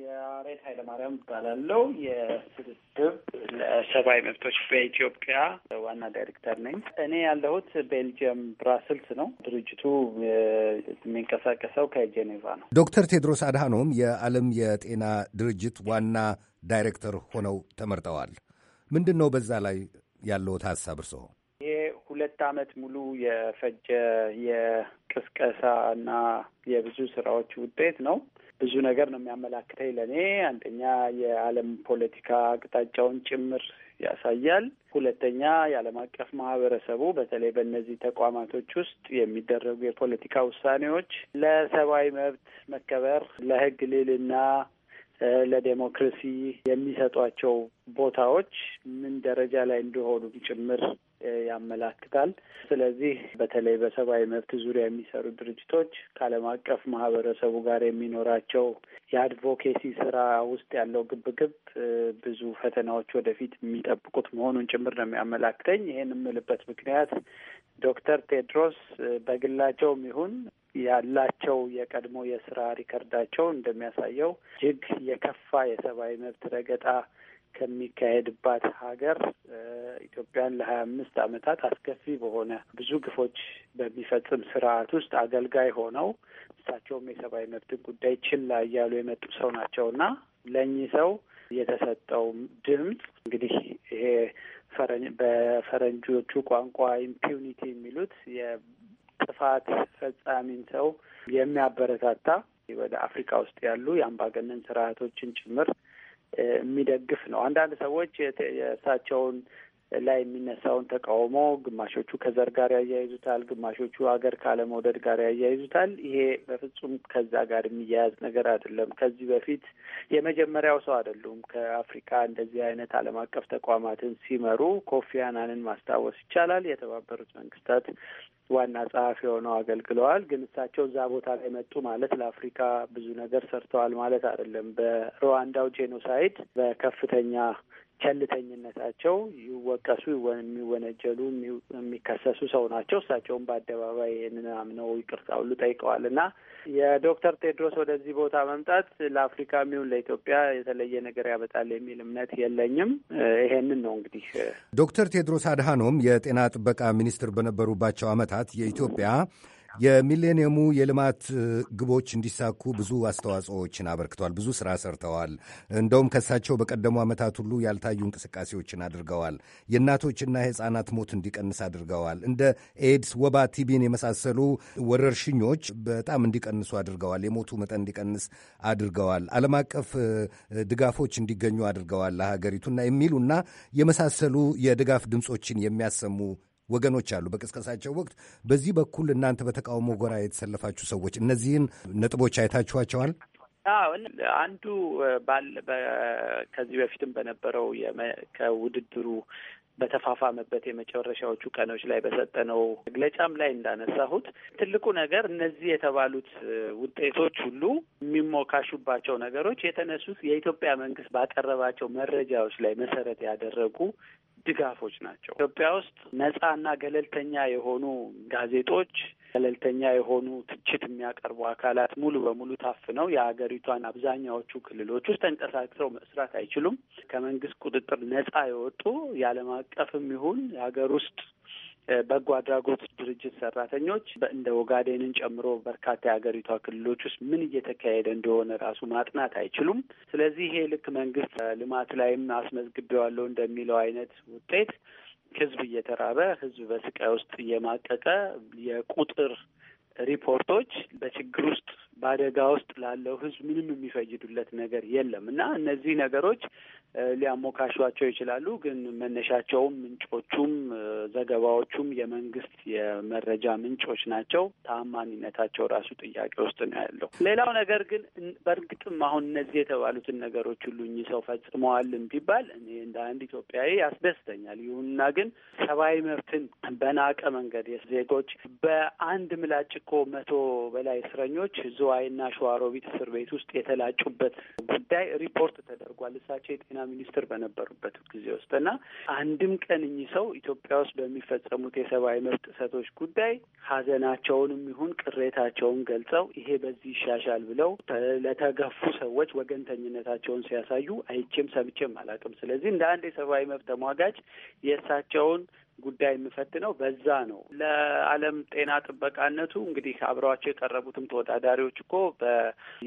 የአሬት ኃይለማርያም ይባላለው የስብስብ ለሰብአዊ መብቶች በኢትዮጵያ ዋና ዳይሬክተር ነኝ። እኔ ያለሁት ቤልጅየም ብራስልስ ነው። ድርጅቱ የሚንቀሳቀሰው ከጄኔቫ ነው። ዶክተር ቴድሮስ አድሃኖም የዓለም የጤና ድርጅት ዋና ዳይሬክተር ሆነው ተመርጠዋል። ምንድን ነው በዛ ላይ ያለውት ሀሳብ እርስዎ? ሁለት አመት ሙሉ የፈጀ የቅስቀሳ እና የብዙ ስራዎች ውጤት ነው። ብዙ ነገር ነው የሚያመላክተኝ ለእኔ። አንደኛ የዓለም ፖለቲካ አቅጣጫውን ጭምር ያሳያል። ሁለተኛ የዓለም አቀፍ ማህበረሰቡ በተለይ በእነዚህ ተቋማቶች ውስጥ የሚደረጉ የፖለቲካ ውሳኔዎች ለሰብአዊ መብት መከበር፣ ለህግ ልዕልና፣ ለዴሞክራሲ የሚሰጧቸው ቦታዎች ምን ደረጃ ላይ እንደሆኑ ጭምር ያመላክታል። ስለዚህ በተለይ በሰብአዊ መብት ዙሪያ የሚሰሩ ድርጅቶች ከዓለም አቀፍ ማህበረሰቡ ጋር የሚኖራቸው የአድቮኬሲ ስራ ውስጥ ያለው ግብግብ ብዙ ፈተናዎች ወደፊት የሚጠብቁት መሆኑን ጭምር ነው የሚያመላክተኝ። ይህን የምልበት ምክንያት ዶክተር ቴድሮስ በግላቸውም ይሁን ያላቸው የቀድሞ የስራ ሪከርዳቸው እንደሚያሳየው እጅግ የከፋ የሰብአዊ መብት ረገጣ ከሚካሄድባት ሀገር ኢትዮጵያን ለሀያ አምስት ዓመታት አስከፊ በሆነ ብዙ ግፎች በሚፈጽም ስርዓት ውስጥ አገልጋይ ሆነው እሳቸውም የሰብአዊ መብትን ጉዳይ ችላ እያሉ የመጡ ሰው ናቸው እና ለእኚህ ሰው የተሰጠው ድምፅ እንግዲህ ይሄ በፈረንጆቹ ቋንቋ ኢምፒዩኒቲ የሚሉት የጥፋት ፈጻሚን ሰው የሚያበረታታ ወደ አፍሪካ ውስጥ ያሉ የአምባገነን ስርዓቶችን ጭምር የሚደግፍ ነው። አንዳንድ ሰዎች የእሳቸውን ላይ የሚነሳውን ተቃውሞ ግማሾቹ ከዘር ጋር ያያይዙታል፣ ግማሾቹ አገር ካለመውደድ ጋር ያያይዙታል። ይሄ በፍጹም ከዛ ጋር የሚያያዝ ነገር አይደለም። ከዚህ በፊት የመጀመሪያው ሰው አይደሉም። ከአፍሪካ እንደዚህ አይነት ዓለም አቀፍ ተቋማትን ሲመሩ ኮፊ አናንን ማስታወስ ይቻላል። የተባበሩት መንግስታት ዋና ጸሐፊ ሆነው አገልግለዋል። ግን እሳቸው እዛ ቦታ ላይ መጡ ማለት ለአፍሪካ ብዙ ነገር ሰርተዋል ማለት አይደለም። በሩዋንዳው ጄኖሳይድ በከፍተኛ ቸልተኝነታቸው ይወቀሱ፣ የሚወነጀሉ፣ የሚከሰሱ ሰው ናቸው። እሳቸውም በአደባባይ ይህንን አምነው ይቅርታ ሁሉ ጠይቀዋል እና የዶክተር ቴድሮስ ወደዚህ ቦታ መምጣት ለአፍሪካ የሚሆን ለኢትዮጵያ የተለየ ነገር ያመጣል የሚል እምነት የለኝም። ይሄንን ነው እንግዲህ ዶክተር ቴድሮስ አድሃኖም የጤና ጥበቃ ሚኒስትር በነበሩባቸው ዓመታት የኢትዮጵያ የሚሌኒየሙ የልማት ግቦች እንዲሳኩ ብዙ አስተዋጽኦዎችን አበርክተዋል። ብዙ ስራ ሰርተዋል። እንደውም ከሳቸው በቀደሙ ዓመታት ሁሉ ያልታዩ እንቅስቃሴዎችን አድርገዋል። የእናቶችና የሕፃናት ሞት እንዲቀንስ አድርገዋል። እንደ ኤድስ፣ ወባ፣ ቲቢን የመሳሰሉ ወረርሽኞች በጣም እንዲቀንሱ አድርገዋል። የሞቱ መጠን እንዲቀንስ አድርገዋል። ዓለም አቀፍ ድጋፎች እንዲገኙ አድርገዋል ለሀገሪቱና የሚሉና የመሳሰሉ የድጋፍ ድምፆችን የሚያሰሙ ወገኖች አሉ በቅስቀሳቸው ወቅት። በዚህ በኩል እናንተ በተቃውሞ ጎራ የተሰለፋችሁ ሰዎች እነዚህን ነጥቦች አይታችኋቸዋል? አንዱ ከዚህ በፊትም በነበረው ከውድድሩ በተፋፋመበት የመጨረሻዎቹ ቀኖች ላይ በሰጠነው መግለጫም ላይ እንዳነሳሁት ትልቁ ነገር እነዚህ የተባሉት ውጤቶች ሁሉ የሚሞካሹባቸው ነገሮች የተነሱት የኢትዮጵያ መንግስት ባቀረባቸው መረጃዎች ላይ መሰረት ያደረጉ ድጋፎች ናቸው። ኢትዮጵያ ውስጥ ነጻና ገለልተኛ የሆኑ ጋዜጦች፣ ገለልተኛ የሆኑ ትችት የሚያቀርቡ አካላት ሙሉ በሙሉ ታፍነው የሀገሪቷን አብዛኛዎቹ ክልሎች ውስጥ ተንቀሳቅሰው መስራት አይችሉም። ከመንግስት ቁጥጥር ነጻ የወጡ የዓለም አቀፍም ይሁን የሀገር ውስጥ በጎ አድራጎት ድርጅት ሰራተኞች እንደ ኦጋዴንን ጨምሮ በርካታ የሀገሪቷ ክልሎች ውስጥ ምን እየተካሄደ እንደሆነ ራሱ ማጥናት አይችሉም። ስለዚህ ይሄ ልክ መንግስት ልማት ላይም አስመዝግቤዋለሁ እንደሚለው አይነት ውጤት ህዝብ እየተራበ ህዝብ በስቃይ ውስጥ እየማቀቀ የቁጥር ሪፖርቶች በችግር ውስጥ በአደጋ ውስጥ ላለው ህዝብ ምንም የሚፈይዱለት ነገር የለም እና እነዚህ ነገሮች ሊያሞካሿቸው ይችላሉ። ግን መነሻቸውም ምንጮቹም ዘገባዎቹም የመንግስት የመረጃ ምንጮች ናቸው። ታማኒነታቸው ራሱ ጥያቄ ውስጥ ነው ያለው። ሌላው ነገር ግን በእርግጥም አሁን እነዚህ የተባሉትን ነገሮች ሁሉ እኚህ ሰው ፈጽመዋልን ቢባል እኔ እንደ አንድ ኢትዮጵያዊ ያስደስተኛል። ይሁንና ግን ሰብአዊ መብትን በናቀ መንገድ ዜጎች በአንድ ምላጭ እኮ መቶ በላይ እስረኞች ዝዋይና ሸዋሮቢት እስር ቤት ውስጥ የተላጩበት ጉዳይ ሪፖርት ተደርጓል። እሳቸው የጤና ሚኒስትር በነበሩበት ጊዜ ውስጥ እና አንድም ቀን እኚህ ሰው ኢትዮጵያ ውስጥ በሚፈጸሙት የሰብአዊ መብት ጥሰቶች ጉዳይ ሀዘናቸውንም ይሁን ቅሬታቸውን ገልጸው ይሄ በዚህ ይሻሻል ብለው ለተገፉ ሰዎች ወገንተኝነታቸውን ሲያሳዩ አይቼም ሰምቼም አላውቅም። ስለዚህ እንደ አንድ የሰብአዊ መብት ተሟጋች የእሳቸውን ጉዳይ የምፈትነው በዛ ነው። ለዓለም ጤና ጥበቃነቱ እንግዲህ አብረዋቸው የቀረቡትም ተወዳዳሪዎች እኮ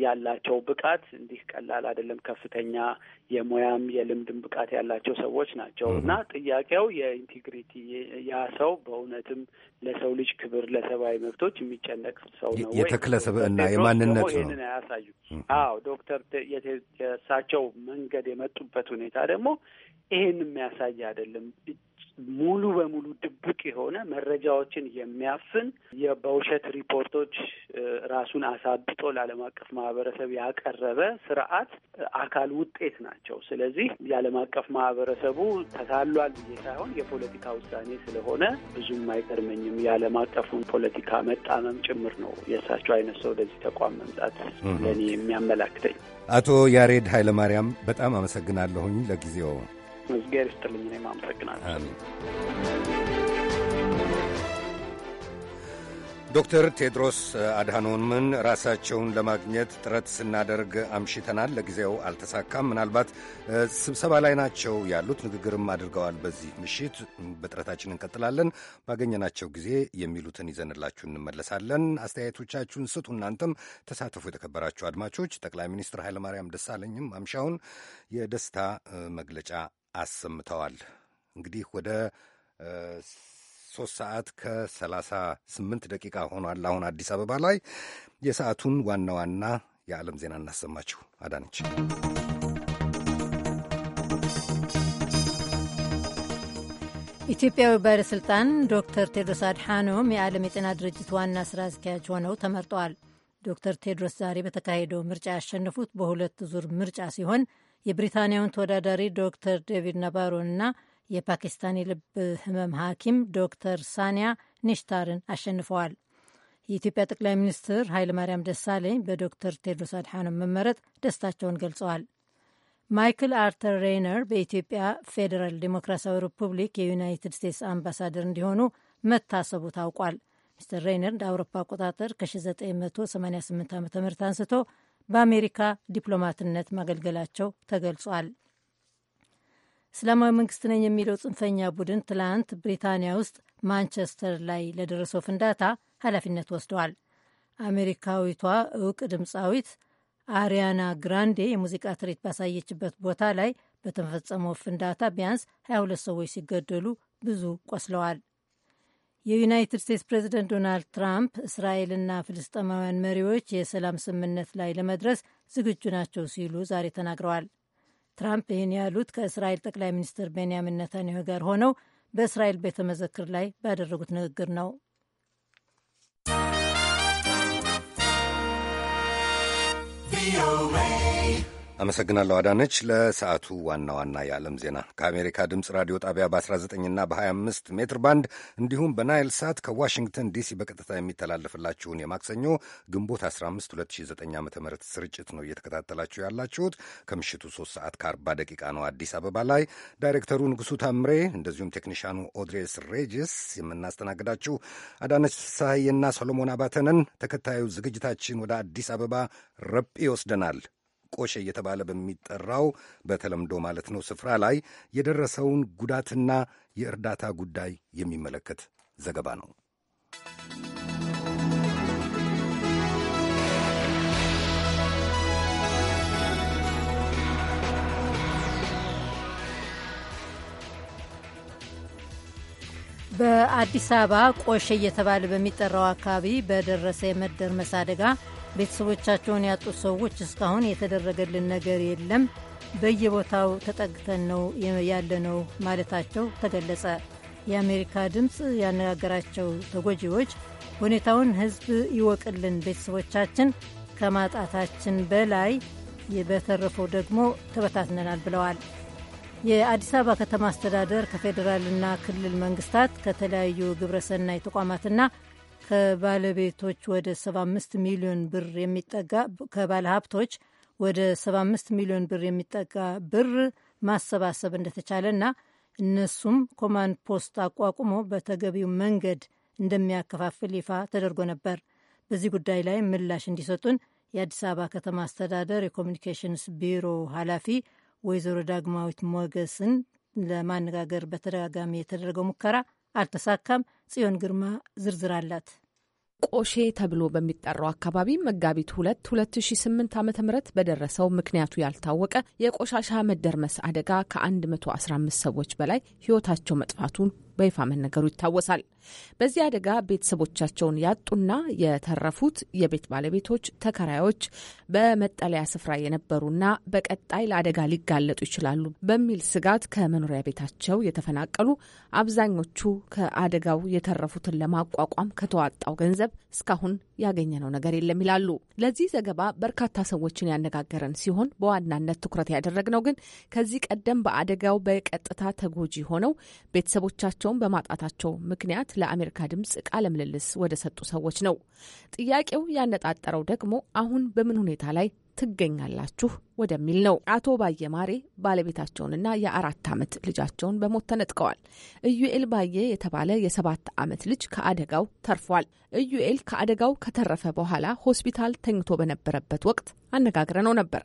ያላቸው ብቃት እንዲህ ቀላል አይደለም። ከፍተኛ የሙያም የልምድም ብቃት ያላቸው ሰዎች ናቸው እና ጥያቄው የኢንቴግሪቲ ያ ሰው በእውነትም ለሰው ልጅ ክብር፣ ለሰብአዊ መብቶች የሚጨነቅ ሰው ነው ወይ የተክለ የማንነት ነው አያሳዩ? አዎ ዶክተር የእሳቸው መንገድ የመጡበት ሁኔታ ደግሞ ይህን የሚያሳይ አይደለም። ሙሉ በሙሉ ድብቅ የሆነ መረጃዎችን የሚያፍን በውሸት ሪፖርቶች ራሱን አሳብጦ ለዓለም አቀፍ ማህበረሰብ ያቀረበ ስርዓት አካል ውጤት ናቸው። ስለዚህ የዓለም አቀፍ ማህበረሰቡ ተሳሏል ብዬ ሳይሆን የፖለቲካ ውሳኔ ስለሆነ ብዙም አይገርመኝም። የዓለም አቀፉን ፖለቲካ መጣመም ጭምር ነው የእሳቸው አይነት ሰው ወደዚህ ተቋም መምጣት ለእኔ የሚያመላክተኝ። አቶ ያሬድ ኃይለማርያም በጣም አመሰግናለሁኝ ለጊዜው። እግዚአብሔር ይስጥልኝ። እኔም አመሰግናለሁ። ዶክተር ቴድሮስ አድሃኖምን ራሳቸውን ለማግኘት ጥረት ስናደርግ አምሽተናል። ለጊዜው አልተሳካም። ምናልባት ስብሰባ ላይ ናቸው ያሉት ንግግርም አድርገዋል። በዚህ ምሽት በጥረታችን እንቀጥላለን። ባገኘናቸው ጊዜ የሚሉትን ይዘንላችሁ እንመለሳለን። አስተያየቶቻችሁን ስጡ። እናንተም ተሳተፉ። የተከበራችሁ አድማቾች ጠቅላይ ሚኒስትር ኃይለማርያም ደሳለኝም አምሻውን የደስታ መግለጫ አሰምተዋል። እንግዲህ ወደ ሶስት ሰዓት ከሰላሳ ስምንት ደቂቃ ሆኗል። አሁን አዲስ አበባ ላይ የሰዓቱን ዋና ዋና የዓለም ዜና እናሰማችሁ አዳነች። ኢትዮጵያዊ ባለሥልጣን ዶክተር ቴድሮስ አድሓኖም የዓለም የጤና ድርጅት ዋና ሥራ አስኪያጅ ሆነው ተመርጠዋል። ዶክተር ቴድሮስ ዛሬ በተካሄደው ምርጫ ያሸነፉት በሁለት ዙር ምርጫ ሲሆን የብሪታንያውን ተወዳዳሪ ዶክተር ዴቪድ እና የፓኪስታን የልብ ህመም ሐኪም ዶክተር ሳኒያ ኒሽታርን አሸንፈዋል። የኢትዮጵያ ጠቅላይ ሚኒስትር ኃይለማርያም ደሳለኝ በዶክተር ቴድሮስ አድሓኖም መመረጥ ደስታቸውን ገልጸዋል። ማይክል አርተር ሬይነር በኢትዮጵያ ፌዴራል ዴሞክራሲያዊ ሪፑብሊክ የዩናይትድ ስቴትስ አምባሳደር እንዲሆኑ መታሰቡ ታውቋል። ሚስተር ሬይነር እንደ አውሮፓ አቆጣጠር ከ1988 ዓ ም አንስቶ በአሜሪካ ዲፕሎማትነት ማገልገላቸው ተገልጿል። እስላማዊ መንግስት ነኝ የሚለው ጽንፈኛ ቡድን ትላንት ብሪታንያ ውስጥ ማንቸስተር ላይ ለደረሰው ፍንዳታ ኃላፊነት ወስደዋል። አሜሪካዊቷ እውቅ ድምፃዊት አሪያና ግራንዴ የሙዚቃ ትርኢት ባሳየችበት ቦታ ላይ በተፈጸመው ፍንዳታ ቢያንስ 22 ሰዎች ሲገደሉ ብዙ ቆስለዋል። የዩናይትድ ስቴትስ ፕሬዚደንት ዶናልድ ትራምፕ እስራኤልና ፍልስጤማውያን መሪዎች የሰላም ስምምነት ላይ ለመድረስ ዝግጁ ናቸው ሲሉ ዛሬ ተናግረዋል። ትራምፕ ይህን ያሉት ከእስራኤል ጠቅላይ ሚኒስትር ቤንያሚን ነታንያሁ ጋር ሆነው በእስራኤል ቤተ መዘክር ላይ ባደረጉት ንግግር ነው። ቪኦኤ አመሰግናለሁ አዳነች። ለሰዓቱ ዋና ዋና የዓለም ዜና ከአሜሪካ ድምፅ ራዲዮ ጣቢያ በ19ና በ25 ሜትር ባንድ እንዲሁም በናይል ሳት ከዋሽንግተን ዲሲ በቀጥታ የሚተላለፍላችሁን የማክሰኞ ግንቦት 15 2009 ዓ ም ስርጭት ነው እየተከታተላችሁ ያላችሁት። ከምሽቱ 3 ሰዓት ከ40 ደቂቃ ነው አዲስ አበባ ላይ። ዳይሬክተሩ ንጉሱ ታምሬ እንደዚሁም ቴክኒሻኑ ኦድሬስ ሬጅስ፣ የምናስተናግዳችሁ አዳነች ሳህዬና ሰሎሞን አባተንን። ተከታዩ ዝግጅታችን ወደ አዲስ አበባ ረጲ ይወስደናል። ቆሼ እየተባለ በሚጠራው በተለምዶ ማለት ነው ስፍራ ላይ የደረሰውን ጉዳትና የእርዳታ ጉዳይ የሚመለከት ዘገባ ነው። በአዲስ አበባ ቆሼ እየተባለ በሚጠራው አካባቢ በደረሰ የመደርመስ አደጋ ቤተሰቦቻቸውን ያጡ ሰዎች እስካሁን የተደረገልን ነገር የለም፣ በየቦታው ተጠግተን ነው ነው ማለታቸው ተገለጸ። የአሜሪካ ድምፅ ያነጋገራቸው ተጎጂዎች ሁኔታውን ህዝብ ይወቅልን፣ ቤተሰቦቻችን ከማጣታችን በላይ በተረፈው ደግሞ ተበታትነናል ብለዋል። የአዲስ አበባ ከተማ አስተዳደር ከፌዴራልና ክልል መንግስታት ከተለያዩ ግብረሰናይ ተቋማትና ከባለቤቶች ወደ 75 ሚሊዮን ብር የሚጠጋ ከባለ ሀብቶች ወደ 75 ሚሊዮን ብር የሚጠጋ ብር ማሰባሰብ እንደተቻለና እነሱም ኮማንድ ፖስት አቋቁሞ በተገቢው መንገድ እንደሚያከፋፍል ይፋ ተደርጎ ነበር። በዚህ ጉዳይ ላይ ምላሽ እንዲሰጡን የአዲስ አበባ ከተማ አስተዳደር የኮሚኒኬሽንስ ቢሮ ኃላፊ ወይዘሮ ዳግማዊት ሞገስን ለማነጋገር በተደጋጋሚ የተደረገው ሙከራ አልተሳካም። ጽዮን ግርማ ዝርዝር አላት። ቆሼ ተብሎ በሚጠራው አካባቢ መጋቢት ሁለት ሁለት ሺ ስምንት በደረሰው ምክንያቱ ያልታወቀ የቆሻሻ መደርመስ አደጋ ከ115 ሰዎች በላይ ህይወታቸው መጥፋቱን በይፋ መነገሩ ይታወሳል። በዚህ አደጋ ቤተሰቦቻቸውን ያጡና የተረፉት የቤት ባለቤቶች፣ ተከራዮች፣ በመጠለያ ስፍራ የነበሩና በቀጣይ ለአደጋ ሊጋለጡ ይችላሉ በሚል ስጋት ከመኖሪያ ቤታቸው የተፈናቀሉ አብዛኞቹ ከአደጋው የተረፉትን ለማቋቋም ከተዋጣው ገንዘብ እስካሁን ያገኘነው ነገር የለም ይላሉ። ለዚህ ዘገባ በርካታ ሰዎችን ያነጋገረን ሲሆን በዋናነት ትኩረት ያደረግነው ግን ከዚህ ቀደም በአደጋው በቀጥታ ተጎጂ ሆነው ቤተሰቦቻቸውን በማጣታቸው ምክንያት ለአሜሪካ ድምጽ ቃለ ምልልስ ወደ ሰጡ ሰዎች ነው። ጥያቄው ያነጣጠረው ደግሞ አሁን በምን ሁኔታ ላይ ትገኛላችሁ ወደሚል ነው። አቶ ባየ ማሬ ባለቤታቸውንና የአራት ዓመት ልጃቸውን በሞት ተነጥቀዋል። እዩኤል ባየ የተባለ የሰባት ዓመት ልጅ ከአደጋው ተርፏል። እዩኤል ከአደጋው ከተረፈ በኋላ ሆስፒታል ተኝቶ በነበረበት ወቅት አነጋግረነው ነበር።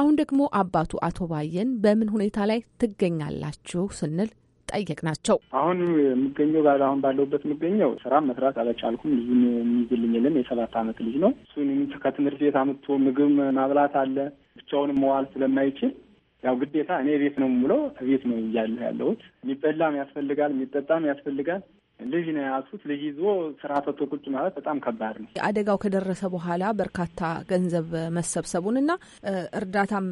አሁን ደግሞ አባቱ አቶ ባየን በምን ሁኔታ ላይ ትገኛላችሁ ስንል ጠየቅናቸው። አሁን የምገኘው ጋር አሁን ባለሁበት የምገኘው ስራ መስራት አልቻልኩም። ልጁን የሚይዝልኝ የለም። የሰባት አመት ልጅ ነው። እሱን ከትምህርት ቤት አምጥቶ ምግብ ማብላት አለ። ብቻውንም መዋል ስለማይችል ያው ግዴታ እኔ ቤት ነው ብሎ ቤት ነው እያለ ያለሁት። የሚበላም ያስፈልጋል፣ የሚጠጣም ያስፈልጋል። ልጅ ነው የያዙት። ልጅ ይዞ ስራ ፈቶ ቁጭ ማለት በጣም ከባድ ነው። አደጋው ከደረሰ በኋላ በርካታ ገንዘብ መሰብሰቡን እና እርዳታም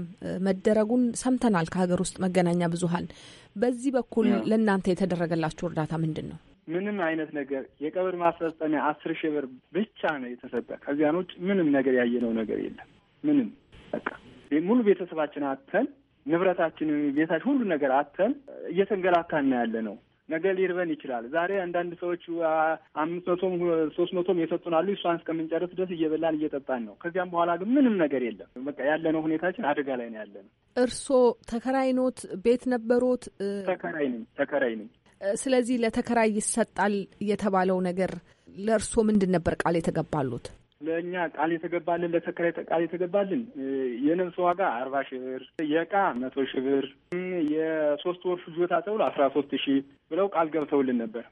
መደረጉን ሰምተናል ከሀገር ውስጥ መገናኛ ብዙኃን። በዚህ በኩል ለእናንተ የተደረገላችሁ እርዳታ ምንድን ነው? ምንም አይነት ነገር የቀብር ማስፈጸሚያ አስር ሺህ ብር ብቻ ነው የተሰጠ። ከዚያን ውጭ ምንም ነገር ያየነው ነገር የለም። ምንም በቃ ሙሉ ቤተሰባችን አተን ንብረታችን ቤታችን ሁሉ ነገር አተን እየተንገላታና ያለ ነው ነገ ሊርበን ይችላል። ዛሬ አንዳንድ ሰዎች አምስት መቶም ሶስት መቶም የሰጡን አሉ። እሷን እስከምንጨርስ ድረስ እየበላን እየጠጣን ነው። ከዚያም በኋላ ግን ምንም ነገር የለም። በቃ ያለነው ሁኔታችን አደጋ ላይ ነው ያለነው። እርስዎ ተከራይ ኖት? ቤት ነበሮት? ተከራይ ነኝ። ተከራይ ነኝ። ስለዚህ ለተከራይ ይሰጣል የተባለው ነገር ለእርስዎ ምንድን ነበር ቃል የተገባሉት? ለእኛ ቃል የተገባልን ለተከራይ ቃል የተገባልን የነብስ ዋጋ አርባ ሺህ ብር የእቃ መቶ ሺህ ብር የሶስት ወር ፍጆታ ተብሎ አስራ ሶስት ሺህ ብለው ቃል ገብተውልን ነበር።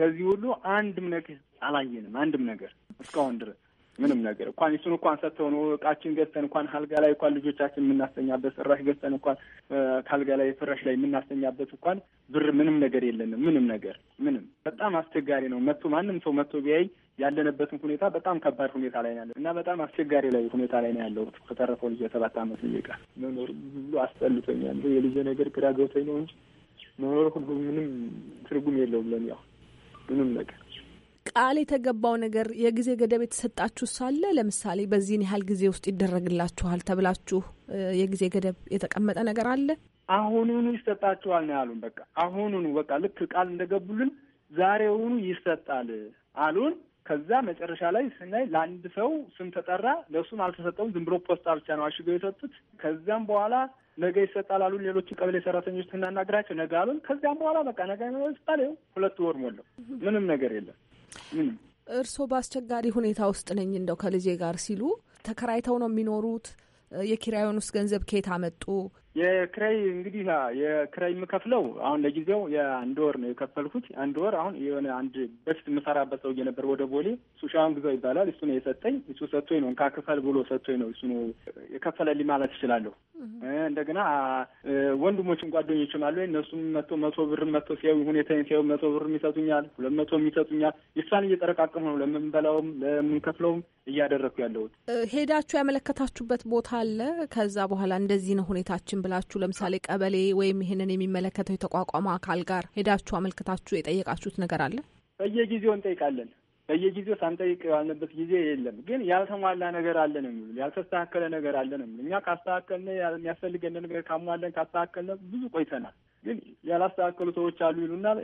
ከዚህ ሁሉ አንድም ነገር አላየንም። አንድም ነገር እስካሁን ድረስ ምንም ነገር እንኳን እሱን እንኳን ሰጥተው ነው እቃችን ገዝተን እንኳን አልጋ ላይ እንኳን ልጆቻችን የምናስተኛበት ፍራሽ ገዝተን እንኳን ከአልጋ ላይ ፍራሽ ላይ የምናስተኛበት እንኳን ብር ምንም ነገር የለንም። ምንም ነገር ምንም በጣም አስቸጋሪ ነው። መቶ ማንም ሰው መቶ ቢያይ ያለንበትን ሁኔታ በጣም ከባድ ሁኔታ ላይ ያለ እና በጣም አስቸጋሪ ላይ ሁኔታ ላይ ነው ያለሁት። ከተረፈው ልጅ የሰባት አመት ልጅ ቃ መኖር ሁሉ አስጠልቶኛል። የልጅ ነገር ግራ ገብቶኝ ነው እንጂ መኖር ሁሉ ምንም ትርጉም የለውም ለኔ ያው ምንም ነገር ቃል የተገባው ነገር የጊዜ ገደብ የተሰጣችሁ ሳለ ለምሳሌ በዚህን ያህል ጊዜ ውስጥ ይደረግላችኋል ተብላችሁ የጊዜ ገደብ የተቀመጠ ነገር አለ? አሁኑኑ ይሰጣችኋል ነው ያሉን። በቃ አሁኑኑ በቃ ልክ ቃል እንደገቡልን ዛሬውኑ ይሰጣል አሉን። ከዛ መጨረሻ ላይ ስናይ ለአንድ ሰው ስም ተጠራ፣ ለእሱም አልተሰጠውም። ዝም ብሎ ፖስታ ብቻ ነው አሽገው የሰጡት። ከዚያም በኋላ ነገ ይሰጣል አሉን። ሌሎቹ ቀበሌ ሰራተኞች ስናናግራቸው ነገ አሉን። ከዚያም በኋላ በቃ ነገ ይሰጣል። ይኸው ሁለት ወር ሞላው። ምንም ነገር የለም። እርስዎ በአስቸጋሪ ሁኔታ ውስጥ ነኝ እንደው ከልጄ ጋር ሲሉ ተከራይተው ነው የሚኖሩት? የኪራዩን ውስጥ ገንዘብ ከየት አመጡ? የክራይ እንግዲህ የክራይ የምከፍለው አሁን ለጊዜው የአንድ ወር ነው የከፈልኩት። አንድ ወር አሁን የሆነ አንድ በፊት የምሰራበት ሰው ነበር ወደ ቦሌ፣ እሱ ሻውን ግዛው ይባላል። እሱ ነው የሰጠኝ። እሱ ሰጥቶኝ ነው እንካ ክፈል ብሎ ሰጥቶኝ ነው እሱ ነው የከፈለልኝ ማለት እችላለሁ። እንደገና ወንድሞችም ጓደኞችም አሉ። እነሱም መቶ መቶ ብር መቶ ሲያዩ ሁኔታ ሲያዩ መቶ ብር ይሰጡኛል፣ ሁለት መቶ ይሰጡኛል። ይሳን እየጠረቃቀሙ ነው ለምንበላውም ለምንከፍለውም እያደረግኩ ያለሁት። ሄዳችሁ ያመለከታችሁበት ቦታ አለ። ከዛ በኋላ እንደዚህ ነው ሁኔታችን ብላችሁ ለምሳሌ ቀበሌ ወይም ይህንን የሚመለከተው የተቋቋመ አካል ጋር ሄዳችሁ አመልክታችሁ የጠየቃችሁት ነገር አለ? በየጊዜው እንጠይቃለን። በየጊዜው ሳንጠይቅ ያልንበት ጊዜ የለም። ግን ያልተሟላ ነገር አለ ነው የሚሉ ያልተስተካከለ ነገር አለ ነው የሚሉ እኛ ካስተካከልን የሚያስፈልገን ነገር ካሟለን ካስተካከልን ብዙ ቆይተናል። ግን ያላስተካከሉ ሰዎች አሉ ይሉናል፣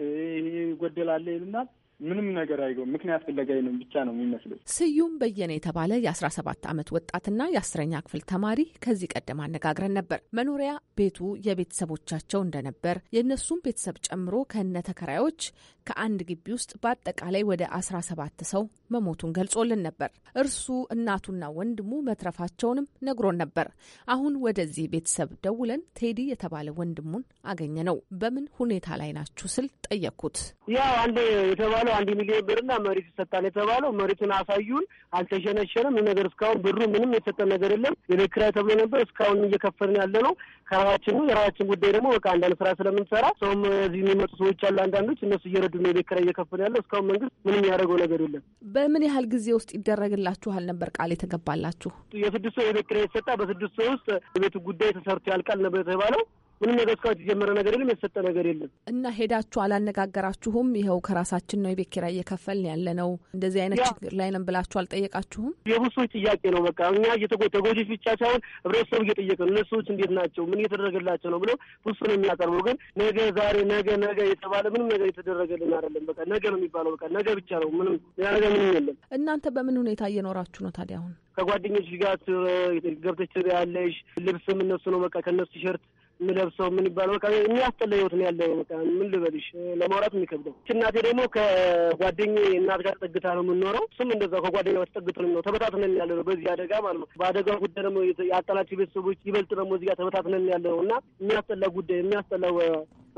ይሄ ይጎደላለ ይሉናል። ምንም ነገር አይገ ምክንያት ፍለጋይ ነው ብቻ ነው የሚመስለው። ስዩም በየነ የተባለ የአስራ ሰባት ዓመት ወጣትና የአስረኛ ክፍል ተማሪ ከዚህ ቀደም አነጋግረን ነበር። መኖሪያ ቤቱ የቤተሰቦቻቸው እንደነበር የእነሱም ቤተሰብ ጨምሮ ከነ ተከራዮች ከአንድ ግቢ ውስጥ በአጠቃላይ ወደ 17 ሰው መሞቱን ገልጾልን ነበር። እርሱ እናቱና ወንድሙ መትረፋቸውንም ነግሮን ነበር። አሁን ወደዚህ ቤተሰብ ደውለን ቴዲ የተባለ ወንድሙን አገኘ ነው። በምን ሁኔታ ላይ ናችሁ ስል ጠየቅኩት። ያው አንድ የተባለው አንድ ሚሊዮን ብርና መሬት ይሰጣል የተባለው መሬቱን አሳዩን። አልተሸነሸንም ነገር እስካሁን ብሩ ምንም የተሰጠ ነገር የለም። የቤት ኪራይ ተብሎ ነበር እስካሁን እየከፈልን ያለ ነው ከራሳችን ነው። ጉዳይ ደግሞ በቃ አንዳንድ ስራ ስለምንሰራ ሰውም እዚህ የሚመጡ ሰዎች አሉ። አንዳንዶች እነሱ እየረ እየተሰደዱ ነው የቤት ኪራይ ያለው። እስካሁን መንግስት ምንም ያደረገው ነገር የለም። በምን ያህል ጊዜ ውስጥ ይደረግላችኋል ነበር ቃል የተገባላችሁ? የስድስት ወር የቤት ኪራይ በስድስት ወር ውስጥ የቤቱ ጉዳይ ተሰርቶ ያልቃል ነበር የተባለው። ምንም ነገር እስካሁን የተጀመረ ነገር የለም፣ የተሰጠ ነገር የለም። እና ሄዳችሁ አላነጋገራችሁም? ይኸው ከራሳችን ነው የቤት ኪራይ እየከፈልን ያለ ነው እንደዚህ አይነት ችግር ላይ ነን ብላችሁ አልጠየቃችሁም? የብሶች ጥያቄ ነው። በቃ እኛ ተጎጂዎች ብቻ ሳይሆን ህብረተሰቡ እየጠየቀ ነው። እነሱዎች እንዴት ናቸው? ምን እየተደረገላቸው ነው ብለው ብሶ ነው የሚያቀርቡ። ግን ነገ ዛሬ ነገ ነገ የተባለ ምንም ነገር የተደረገልን አይደለም። በቃ ነገ ነው የሚባለው። በቃ ነገ ብቻ ነው። ምንም ነገር ምንም የለም። እናንተ በምን ሁኔታ እየኖራችሁ ነው ታዲያ? አሁን ከጓደኞች ጋር ገብተች ያለሽ ልብስም እነሱ ነው። በቃ ከእነሱ ቲሸርት የምለብሰው ምን ይባለው በቃ የሚያስጠላ ህይወት ነው ያለው። በቃ ምን ልበልሽ፣ ለማውራት የሚከብደው። እናቴ ደግሞ ከጓደኛዬ እናት ጋር ተጠግታ ነው የምንኖረው። እሱም እንደዛ ከጓደኛ ተጠግቶ ነው የሚኖረው። ተበታትነን ያለ ነው በዚህ አደጋ ማለት ነው። በአደጋ ጉዳይ ደግሞ ያጣናቸው ቤተሰቦች ይበልጥ ደግሞ እዚህ ጋር ተበታትነን ያለ ነው እና የሚያስጠላ ጉዳይ የሚያስጠላ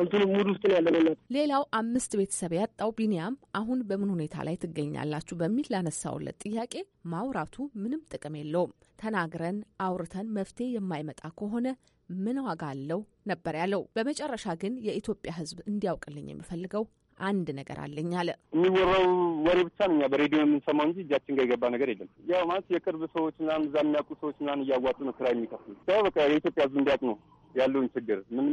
እንትኑ ሙድ ውስጥ ነው ያለነው። ሌላው አምስት ቤተሰብ ያጣው ቢኒያም አሁን በምን ሁኔታ ላይ ትገኛላችሁ በሚል ላነሳውለት ጥያቄ ማውራቱ ምንም ጥቅም የለውም። ተናግረን አውርተን መፍትሄ የማይመጣ ከሆነ ምን ዋጋ አለው ነበር ያለው። በመጨረሻ ግን የኢትዮጵያ ሕዝብ እንዲያውቅልኝ የሚፈልገው አንድ ነገር አለኝ አለ። የሚወራው ወሬ ብቻ ነው እኛ በሬዲዮ የምንሰማው እንጂ እጃችን ጋር የገባ ነገር የለም። ያው ማለት የቅርብ ሰዎች ምናምን እዛ የሚያውቁ ሰዎች ምናምን እያዋጡ ነው ስራ የሚከፍሉ ያው በቃ የኢትዮጵያ ሕዝብ እንዲያውቅ ነው ያለውን ችግር ምንም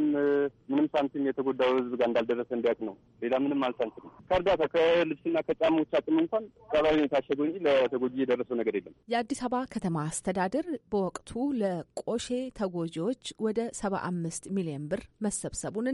ምንም ሳንቲም የተጎዳው ህዝብ ጋር እንዳልደረሰ እንዲያውቅ ነው። ሌላ ምንም አልሳንቲም ከእርዳታ ከልብስና ከጫማዎች አቅም እንኳን ቀባቢ የታሸገው እንጂ ለተጎጂ የደረሰው ነገር የለም። የአዲስ አበባ ከተማ አስተዳደር በወቅቱ ለቆሼ ተጎጂዎች ወደ ሰባ አምስት ሚሊዮን ብር መሰብሰቡን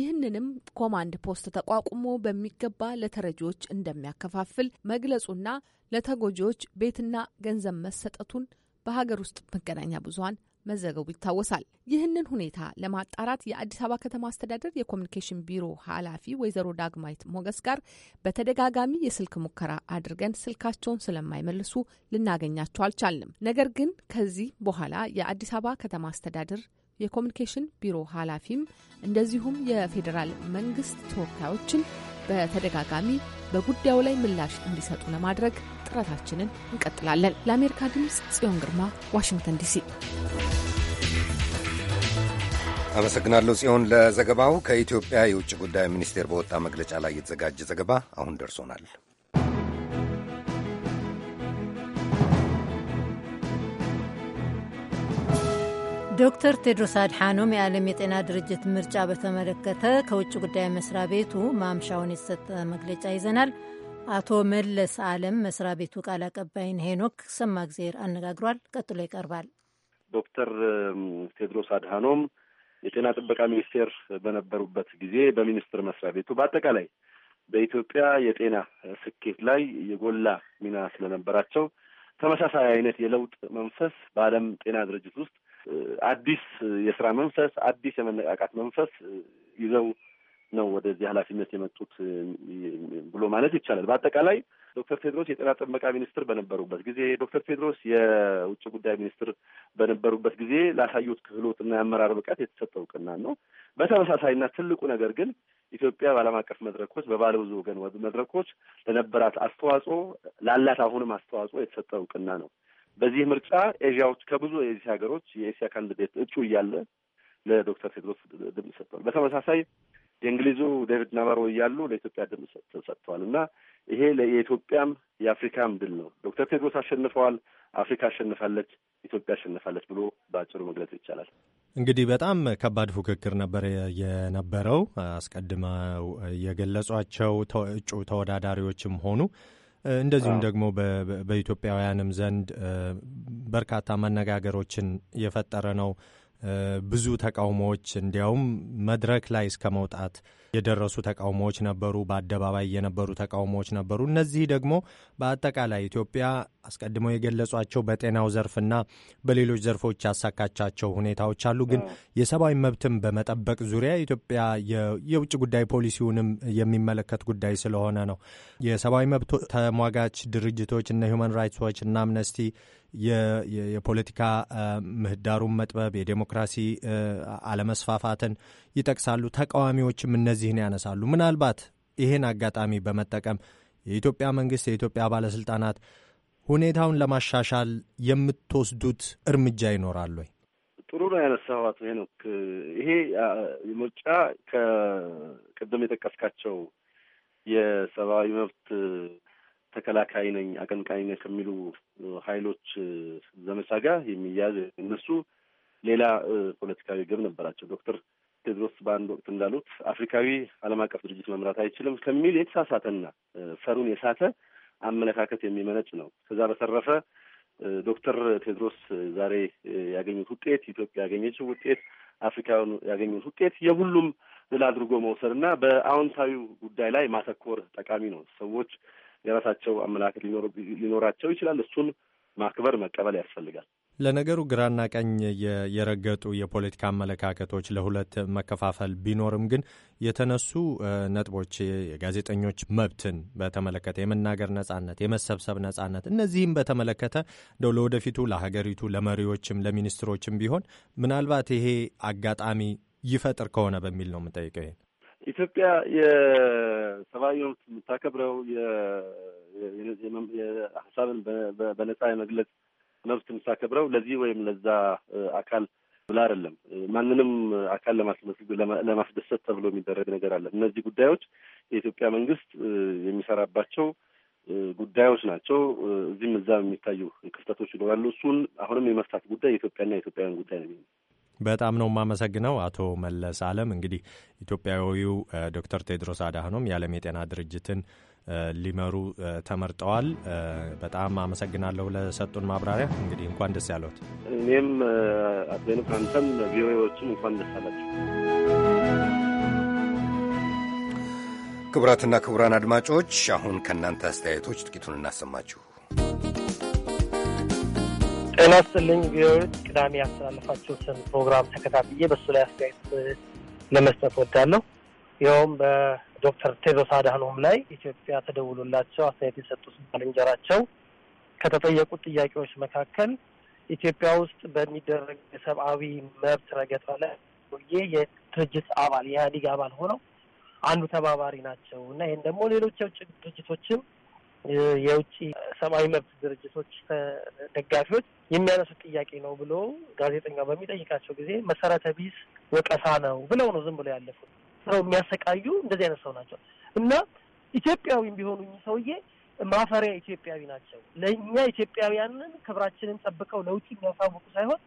ይህንንም ኮማንድ ፖስት ተቋቁ ተጠቅሞ በሚገባ ለተረጂዎች እንደሚያከፋፍል መግለጹና ለተጎጂዎች ቤትና ገንዘብ መሰጠቱን በሀገር ውስጥ መገናኛ ብዙሀን መዘገቡ ይታወሳል። ይህንን ሁኔታ ለማጣራት የአዲስ አበባ ከተማ አስተዳደር የኮሚኒኬሽን ቢሮ ኃላፊ ወይዘሮ ዳግማዊት ሞገስ ጋር በተደጋጋሚ የስልክ ሙከራ አድርገን ስልካቸውን ስለማይመልሱ ልናገኛቸው አልቻልንም። ነገር ግን ከዚህ በኋላ የአዲስ አበባ ከተማ አስተዳደር የኮሚኒኬሽን ቢሮ ኃላፊም እንደዚሁም የፌዴራል መንግስት ተወካዮችን በተደጋጋሚ በጉዳዩ ላይ ምላሽ እንዲሰጡ ለማድረግ ጥረታችንን እንቀጥላለን። ለአሜሪካ ድምፅ ጽዮን ግርማ፣ ዋሽንግተን ዲሲ። አመሰግናለሁ ጽዮን ለዘገባው። ከኢትዮጵያ የውጭ ጉዳይ ሚኒስቴር በወጣ መግለጫ ላይ የተዘጋጀ ዘገባ አሁን ደርሶናል። ዶክተር ቴድሮስ አድሓኖም የዓለም የጤና ድርጅት ምርጫ በተመለከተ ከውጭ ጉዳይ መስሪያ ቤቱ ማምሻውን የተሰጠ መግለጫ ይዘናል። አቶ መለስ አለም መስሪያ ቤቱ ቃል አቀባይን ሄኖክ ሰማግዜር አነጋግሯል። ቀጥሎ ይቀርባል። ዶክተር ቴድሮስ አድሃኖም የጤና ጥበቃ ሚኒስቴር በነበሩበት ጊዜ በሚኒስቴር መስሪያ ቤቱ በአጠቃላይ በኢትዮጵያ የጤና ስኬት ላይ የጎላ ሚና ስለነበራቸው ተመሳሳይ አይነት የለውጥ መንፈስ በዓለም ጤና ድርጅት ውስጥ አዲስ የስራ መንፈስ፣ አዲስ የመነቃቃት መንፈስ ይዘው ነው ወደዚህ ኃላፊነት የመጡት ብሎ ማለት ይቻላል። በአጠቃላይ ዶክተር ቴድሮስ የጤና ጥበቃ ሚኒስትር በነበሩበት ጊዜ፣ ዶክተር ቴድሮስ የውጭ ጉዳይ ሚኒስትር በነበሩበት ጊዜ ላሳዩት ክህሎትና የአመራር ብቃት የተሰጠ እውቅና ነው። በተመሳሳይና ትልቁ ነገር ግን ኢትዮጵያ በዓለም አቀፍ መድረኮች በባለ ብዙ ወገን መድረኮች ለነበራት አስተዋጽኦ ላላት አሁንም አስተዋጽኦ የተሰጠ እውቅና ነው። በዚህ ምርጫ ውስጥ ከብዙ የዚህ ሀገሮች የኤስያ ካንዲዴት እጩ እያለ ለዶክተር ቴድሮስ ድምፅ ሰጥቷል። በተመሳሳይ የእንግሊዙ ዴቪድ ናባሮ እያሉ ለኢትዮጵያ ድምፅ ሰጥተዋል እና ይሄ የኢትዮጵያም የአፍሪካም ድል ነው። ዶክተር ቴድሮስ አሸንፈዋል፣ አፍሪካ አሸንፋለች፣ ኢትዮጵያ አሸንፋለች ብሎ በአጭሩ መግለጽ ይቻላል። እንግዲህ በጣም ከባድ ፉክክር ነበር የነበረው። አስቀድመው የገለጿቸው እጩ ተወዳዳሪዎችም ሆኑ እንደዚሁም ደግሞ በኢትዮጵያውያንም ዘንድ በርካታ መነጋገሮችን የፈጠረ ነው። ብዙ ተቃውሞዎች እንዲያውም መድረክ ላይ እስከ መውጣት የደረሱ ተቃውሞዎች ነበሩ። በአደባባይ የነበሩ ተቃውሞዎች ነበሩ። እነዚህ ደግሞ በአጠቃላይ ኢትዮጵያ አስቀድመው የገለጿቸው በጤናው ዘርፍና በሌሎች ዘርፎች ያሳካቻቸው ሁኔታዎች አሉ። ግን የሰብአዊ መብትን በመጠበቅ ዙሪያ ኢትዮጵያ የውጭ ጉዳይ ፖሊሲውንም የሚመለከት ጉዳይ ስለሆነ ነው የሰብአዊ መብት ተሟጋች ድርጅቶች እነ ሁማን ራይትስ ዎች እና አምነስቲ የፖለቲካ ምህዳሩን መጥበብ፣ የዴሞክራሲ አለመስፋፋትን ይጠቅሳሉ። ተቃዋሚዎችም እነዚህን ያነሳሉ። ምናልባት ይህን አጋጣሚ በመጠቀም የኢትዮጵያ መንግስት፣ የኢትዮጵያ ባለስልጣናት ሁኔታውን ለማሻሻል የምትወስዱት እርምጃ ይኖራል ወይ? ጥሩ ነው ያነሳኋት ሄኖክ። ይሄ ምርጫ ከቅድም የጠቀስካቸው የሰብአዊ መብት ተከላካይ ነኝ አቀንቃኝ ነኝ ከሚሉ ሀይሎች ዘመቻ ጋር የሚያያዝ እነሱ ሌላ ፖለቲካዊ ግብ ነበራቸው። ዶክተር ቴድሮስ በአንድ ወቅት እንዳሉት አፍሪካዊ ዓለም አቀፍ ድርጅት መምራት አይችልም ከሚል የተሳሳተና ፈሩን የሳተ አመለካከት የሚመነጭ ነው። ከዛ በተረፈ ዶክተር ቴድሮስ ዛሬ ያገኙት ውጤት ኢትዮጵያ ያገኘችው ውጤት አፍሪካውያን ያገኙት ውጤት የሁሉም ድል አድርጎ መውሰድ እና በአዎንታዊ ጉዳይ ላይ ማተኮር ጠቃሚ ነው። ሰዎች የራሳቸው አመለካከት ሊኖራቸው ይችላል። እሱን ማክበር መቀበል ያስፈልጋል። ለነገሩ ግራና ቀኝ የረገጡ የፖለቲካ አመለካከቶች ለሁለት መከፋፈል ቢኖርም ግን የተነሱ ነጥቦች የጋዜጠኞች መብትን በተመለከተ፣ የመናገር ነጻነት፣ የመሰብሰብ ነጻነት፣ እነዚህም በተመለከተ እንደው ለወደፊቱ ለሀገሪቱ ለመሪዎችም ለሚኒስትሮችም ቢሆን ምናልባት ይሄ አጋጣሚ ይፈጥር ከሆነ በሚል ነው የምጠይቀው። ኢትዮጵያ የሰብአዊ መብት የምታከብረው ሀሳብን በነጻ የመግለጽ መብት የምታከብረው ለዚህ ወይም ለዛ አካል ብላ አይደለም። ማንንም አካል ለማስደሰት ተብሎ የሚደረግ ነገር አለ። እነዚህ ጉዳዮች የኢትዮጵያ መንግስት የሚሰራባቸው ጉዳዮች ናቸው። እዚህም እዛም የሚታዩ ክፍተቶች ይኖራሉ። እሱን አሁንም የመፍታት ጉዳይ የኢትዮጵያና የኢትዮጵያውያን ጉዳይ ነው። በጣም ነው የማመሰግነው አቶ መለስ አለም። እንግዲህ ኢትዮጵያዊው ዶክተር ቴድሮስ አድሃኖም የዓለም የጤና ድርጅትን ሊመሩ ተመርጠዋል። በጣም አመሰግናለሁ ለሰጡን ማብራሪያ። እንግዲህ እንኳን ደስ ያለዎት። እኔም አቶ አንተም ቪኦኤዎችም እንኳን ደስ አላቸው። ክቡራትና ክቡራን አድማጮች አሁን ከእናንተ አስተያየቶች ጥቂቱን እናሰማችሁ። ጤና ይስጥልኝ። ቪዎች ቅዳሜ ያስተላለፋችሁትን ፕሮግራም ተከታትዬ በሱ ላይ አስተያየት ለመስጠት ወዳለሁ። ይኸውም በዶክተር ቴድሮስ አድሃኖም ላይ ኢትዮጵያ ተደውሎላቸው አስተያየት የሰጡት ባልንጀራቸው ከተጠየቁት ጥያቄዎች መካከል ኢትዮጵያ ውስጥ በሚደረግ የሰብአዊ መብት ረገጣ ላይ የድርጅት አባል የኢህአዴግ አባል ሆነው አንዱ ተባባሪ ናቸው እና ይህን ደግሞ ሌሎች የውጭ ድርጅቶችም የውጭ ሰብአዊ መብት ድርጅቶች ደጋፊዎች የሚያነሱት ጥያቄ ነው ብሎ ጋዜጠኛው በሚጠይቃቸው ጊዜ መሰረተ ቢስ ወቀሳ ነው ብለው ነው ዝም ብሎ ያለፉት። ሰው የሚያሰቃዩ እንደዚህ አይነት ሰው ናቸው እና ኢትዮጵያዊም ቢሆኑ ሰውዬ ማፈሪያ ኢትዮጵያዊ ናቸው። ለእኛ ኢትዮጵያውያንን ክብራችንን ጠብቀው ለውጭ የሚያሳውቁ ሳይሆን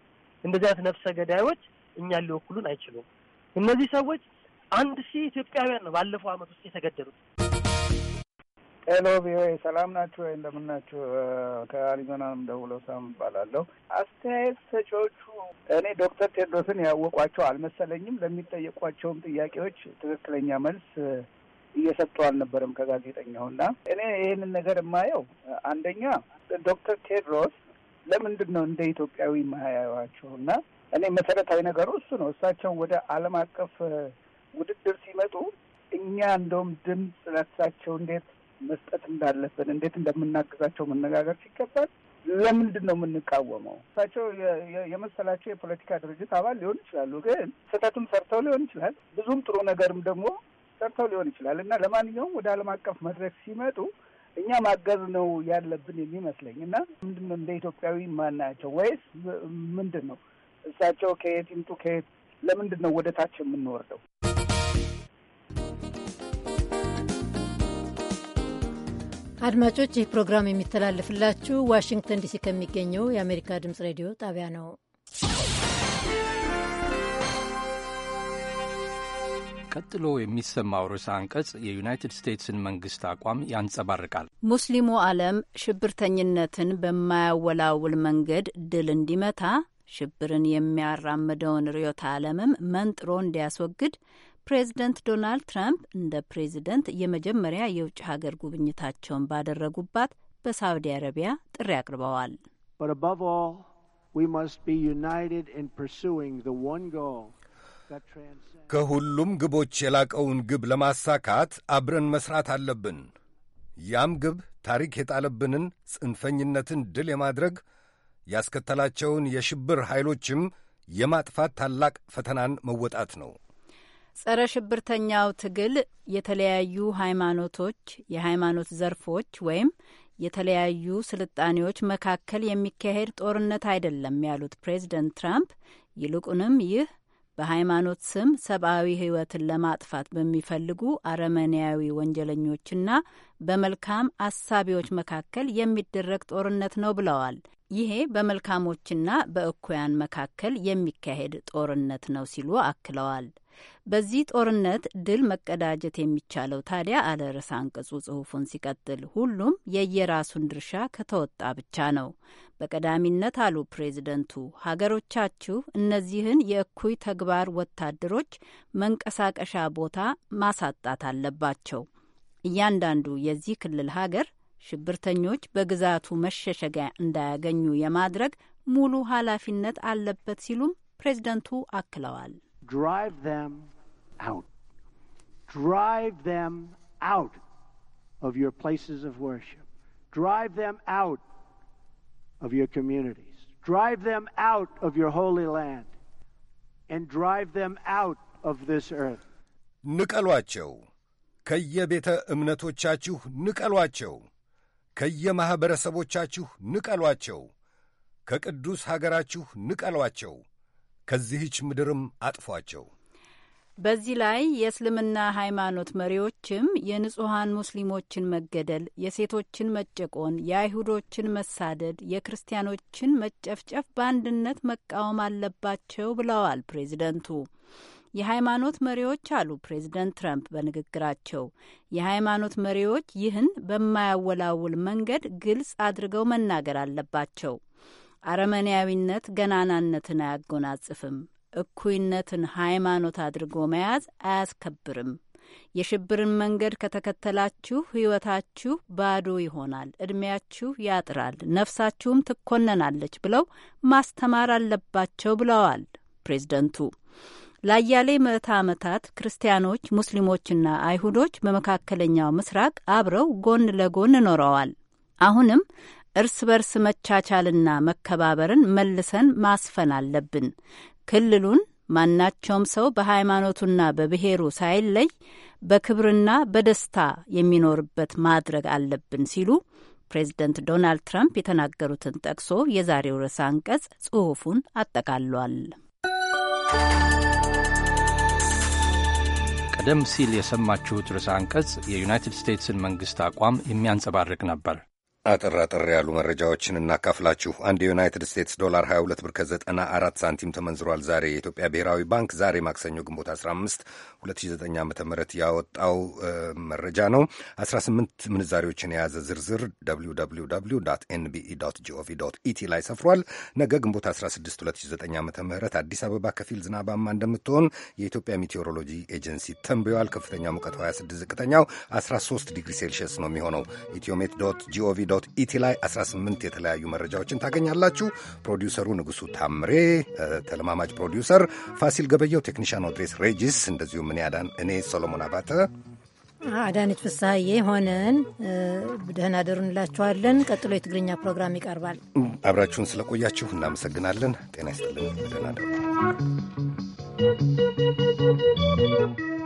እንደዚህ አይነት ነፍሰ ገዳዮች እኛን ሊወክሉን አይችሉም። እነዚህ ሰዎች አንድ ሺህ ኢትዮጵያውያን ነው ባለፈው ዓመት ውስጥ የተገደሉት። ሄሎ ቪኦኤ ሰላም ናችሁ ወይ? እንደምናችሁ። ከአሪዞና ደውሎ ሳም እባላለሁ። አስተያየት ሰጪዎቹ እኔ ዶክተር ቴድሮስን ያወቋቸው አልመሰለኝም። ለሚጠየቋቸውም ጥያቄዎች ትክክለኛ መልስ እየሰጡ አልነበረም ከጋዜጠኛውና እኔ ይህንን ነገር የማየው አንደኛ ዶክተር ቴድሮስ ለምንድን ነው እንደ ኢትዮጵያዊ የማያዩዋቸው? እና እኔ መሰረታዊ ነገሩ እሱ ነው። እሳቸውን ወደ ዓለም አቀፍ ውድድር ሲመጡ እኛ እንደውም ድምፅ ለሳቸው እንዴት መስጠት እንዳለብን፣ እንዴት እንደምናግዛቸው መነጋገር ሲገባል ለምንድን ነው የምንቃወመው? እሳቸው የመሰላቸው የፖለቲካ ድርጅት አባል ሊሆን ይችላሉ፣ ግን ስህተትም ሰርተው ሊሆን ይችላል፣ ብዙም ጥሩ ነገርም ደግሞ ሰርተው ሊሆን ይችላል እና ለማንኛውም ወደ ዓለም አቀፍ መድረክ ሲመጡ እኛ ማገዝ ነው ያለብን የሚመስለኝ እና ምንድን ነው እንደ ኢትዮጵያዊ ማናያቸው ወይስ ምንድን ነው እሳቸው ከየት ይምጡ ከየት ለምንድን ነው ወደ ታች የምንወርደው? አድማጮች ይህ ፕሮግራም የሚተላለፍላችሁ ዋሽንግተን ዲሲ ከሚገኘው የአሜሪካ ድምፅ ሬዲዮ ጣቢያ ነው። ቀጥሎ የሚሰማው ርዕሰ አንቀጽ የዩናይትድ ስቴትስን መንግስት አቋም ያንጸባርቃል። ሙስሊሙ ዓለም ሽብርተኝነትን በማያወላውል መንገድ ድል እንዲመታ ሽብርን የሚያራምደውን ርዕዮተ ዓለምም መንጥሮ እንዲያስወግድ ፕሬዝደንት ዶናልድ ትራምፕ እንደ ፕሬዚደንት የመጀመሪያ የውጭ ሀገር ጉብኝታቸውን ባደረጉባት በሳውዲ አረቢያ ጥሪ አቅርበዋል። ከሁሉም ግቦች የላቀውን ግብ ለማሳካት አብረን መስራት አለብን። ያም ግብ ታሪክ የጣለብንን ጽንፈኝነትን ድል የማድረግ ያስከተላቸውን የሽብር ኃይሎችም የማጥፋት ታላቅ ፈተናን መወጣት ነው። ጸረ ሽብርተኛው ትግል የተለያዩ ሃይማኖቶች፣ የሃይማኖት ዘርፎች ወይም የተለያዩ ስልጣኔዎች መካከል የሚካሄድ ጦርነት አይደለም ያሉት ፕሬዝደንት ትራምፕ ይልቁንም ይህ በሃይማኖት ስም ሰብአዊ ሕይወትን ለማጥፋት በሚፈልጉ አረመኔያዊ ወንጀለኞችና በመልካም አሳቢዎች መካከል የሚደረግ ጦርነት ነው ብለዋል። ይሄ በመልካሞችና በእኩያን መካከል የሚካሄድ ጦርነት ነው ሲሉ አክለዋል። በዚህ ጦርነት ድል መቀዳጀት የሚቻለው ታዲያ አለ ርዕሰ አንቀጹ ጽሑፉን ሲቀጥል ሁሉም የየራሱን ድርሻ ከተወጣ ብቻ ነው። በቀዳሚነት አሉ ፕሬዝደንቱ፣ ሀገሮቻችሁ እነዚህን የእኩይ ተግባር ወታደሮች መንቀሳቀሻ ቦታ ማሳጣት አለባቸው። እያንዳንዱ የዚህ ክልል ሀገር ሽብርተኞች በግዛቱ መሸሸጊያ እንዳያገኙ የማድረግ ሙሉ ኃላፊነት አለበት ሲሉም ፕሬዝደንቱ አክለዋል። drive them out. Drive them out of your places of worship. Drive them out of your communities. Drive them out of your holy land. And drive them out of this earth. ንቀሏቸው። ከየቤተ እምነቶቻችሁ ንቀሏቸው። ከየማኅበረሰቦቻችሁ ንቀሏቸው። ከቅዱስ ሀገራችሁ ንቀሏቸው። ከዚህች ምድርም አጥፏቸው። በዚህ ላይ የእስልምና ሃይማኖት መሪዎችም የንጹሐን ሙስሊሞችን መገደል፣ የሴቶችን መጨቆን፣ የአይሁዶችን መሳደድ፣ የክርስቲያኖችን መጨፍጨፍ በአንድነት መቃወም አለባቸው ብለዋል ፕሬዚደንቱ። የሃይማኖት መሪዎች አሉ ፕሬዚደንት ትራምፕ በንግግራቸው የሃይማኖት መሪዎች ይህን በማያወላውል መንገድ ግልጽ አድርገው መናገር አለባቸው። አረመኔያዊነት ገናናነትን አያጎናጽፍም። እኩይነትን ሃይማኖት አድርጎ መያዝ አያስከብርም። የሽብርን መንገድ ከተከተላችሁ ሕይወታችሁ ባዶ ይሆናል፣ ዕድሜያችሁ ያጥራል፣ ነፍሳችሁም ትኮነናለች ብለው ማስተማር አለባቸው ብለዋል ፕሬዝደንቱ። ለአያሌ ምዕተ ዓመታት ክርስቲያኖች፣ ሙስሊሞችና አይሁዶች በመካከለኛው ምስራቅ አብረው ጎን ለጎን ኖረዋል። አሁንም እርስ በርስ መቻቻልና መከባበርን መልሰን ማስፈን አለብን። ክልሉን ማናቸውም ሰው በሃይማኖቱና በብሔሩ ሳይለይ በክብርና በደስታ የሚኖርበት ማድረግ አለብን ሲሉ ፕሬዝደንት ዶናልድ ትራምፕ የተናገሩትን ጠቅሶ የዛሬው ርዕሰ አንቀጽ ጽሑፉን አጠቃሏል። ቀደም ሲል የሰማችሁት ርዕሰ አንቀጽ የዩናይትድ ስቴትስን መንግሥት አቋም የሚያንጸባርቅ ነበር። አጠር አጠር ያሉ መረጃዎችን እናካፍላችሁ። አንድ የዩናይትድ ስቴትስ ዶላር 22 ብር ከ94 ሳንቲም ተመንዝሯል። ዛሬ የኢትዮጵያ ብሔራዊ ባንክ ዛሬ ማክሰኞ ግንቦት 15 2009 ዓ ም ያወጣው መረጃ ነው። 18 ምንዛሪዎችን የያዘ ዝርዝር www ኤንቢኢ ጂኦቪ ኢቲ ላይ ሰፍሯል። ነገ ግንቦት 16 2009 ዓ ም አዲስ አበባ ከፊል ዝናባማ እንደምትሆን የኢትዮጵያ ሜቴዎሮሎጂ ኤጀንሲ ተንብዮአል። ከፍተኛ ሙቀት 26፣ ዝቅተኛው 13 ዲግሪ ሴልሽየስ ነው የሚሆነው። ኢትዮሜት ጂኦቪ ኢቲ e ላይ 18 የተለያዩ መረጃዎችን ታገኛላችሁ። ፕሮዲውሰሩ ንጉሱ ታምሬ፣ ተለማማጅ ፕሮዲውሰር ፋሲል ገበየው፣ ቴክኒሽያን ኦድሬስ ሬጂስ እንደዚሁም እኔ ሰሎሞን አባተ አዳነች ፍስሐዬ ሆነን ደህና ደሩ እንላችኋለን። ቀጥሎ የትግርኛ ፕሮግራም ይቀርባል። አብራችሁን ስለቆያችሁ እናመሰግናለን። ጤና ይስጥልን። ደህና ደሩ።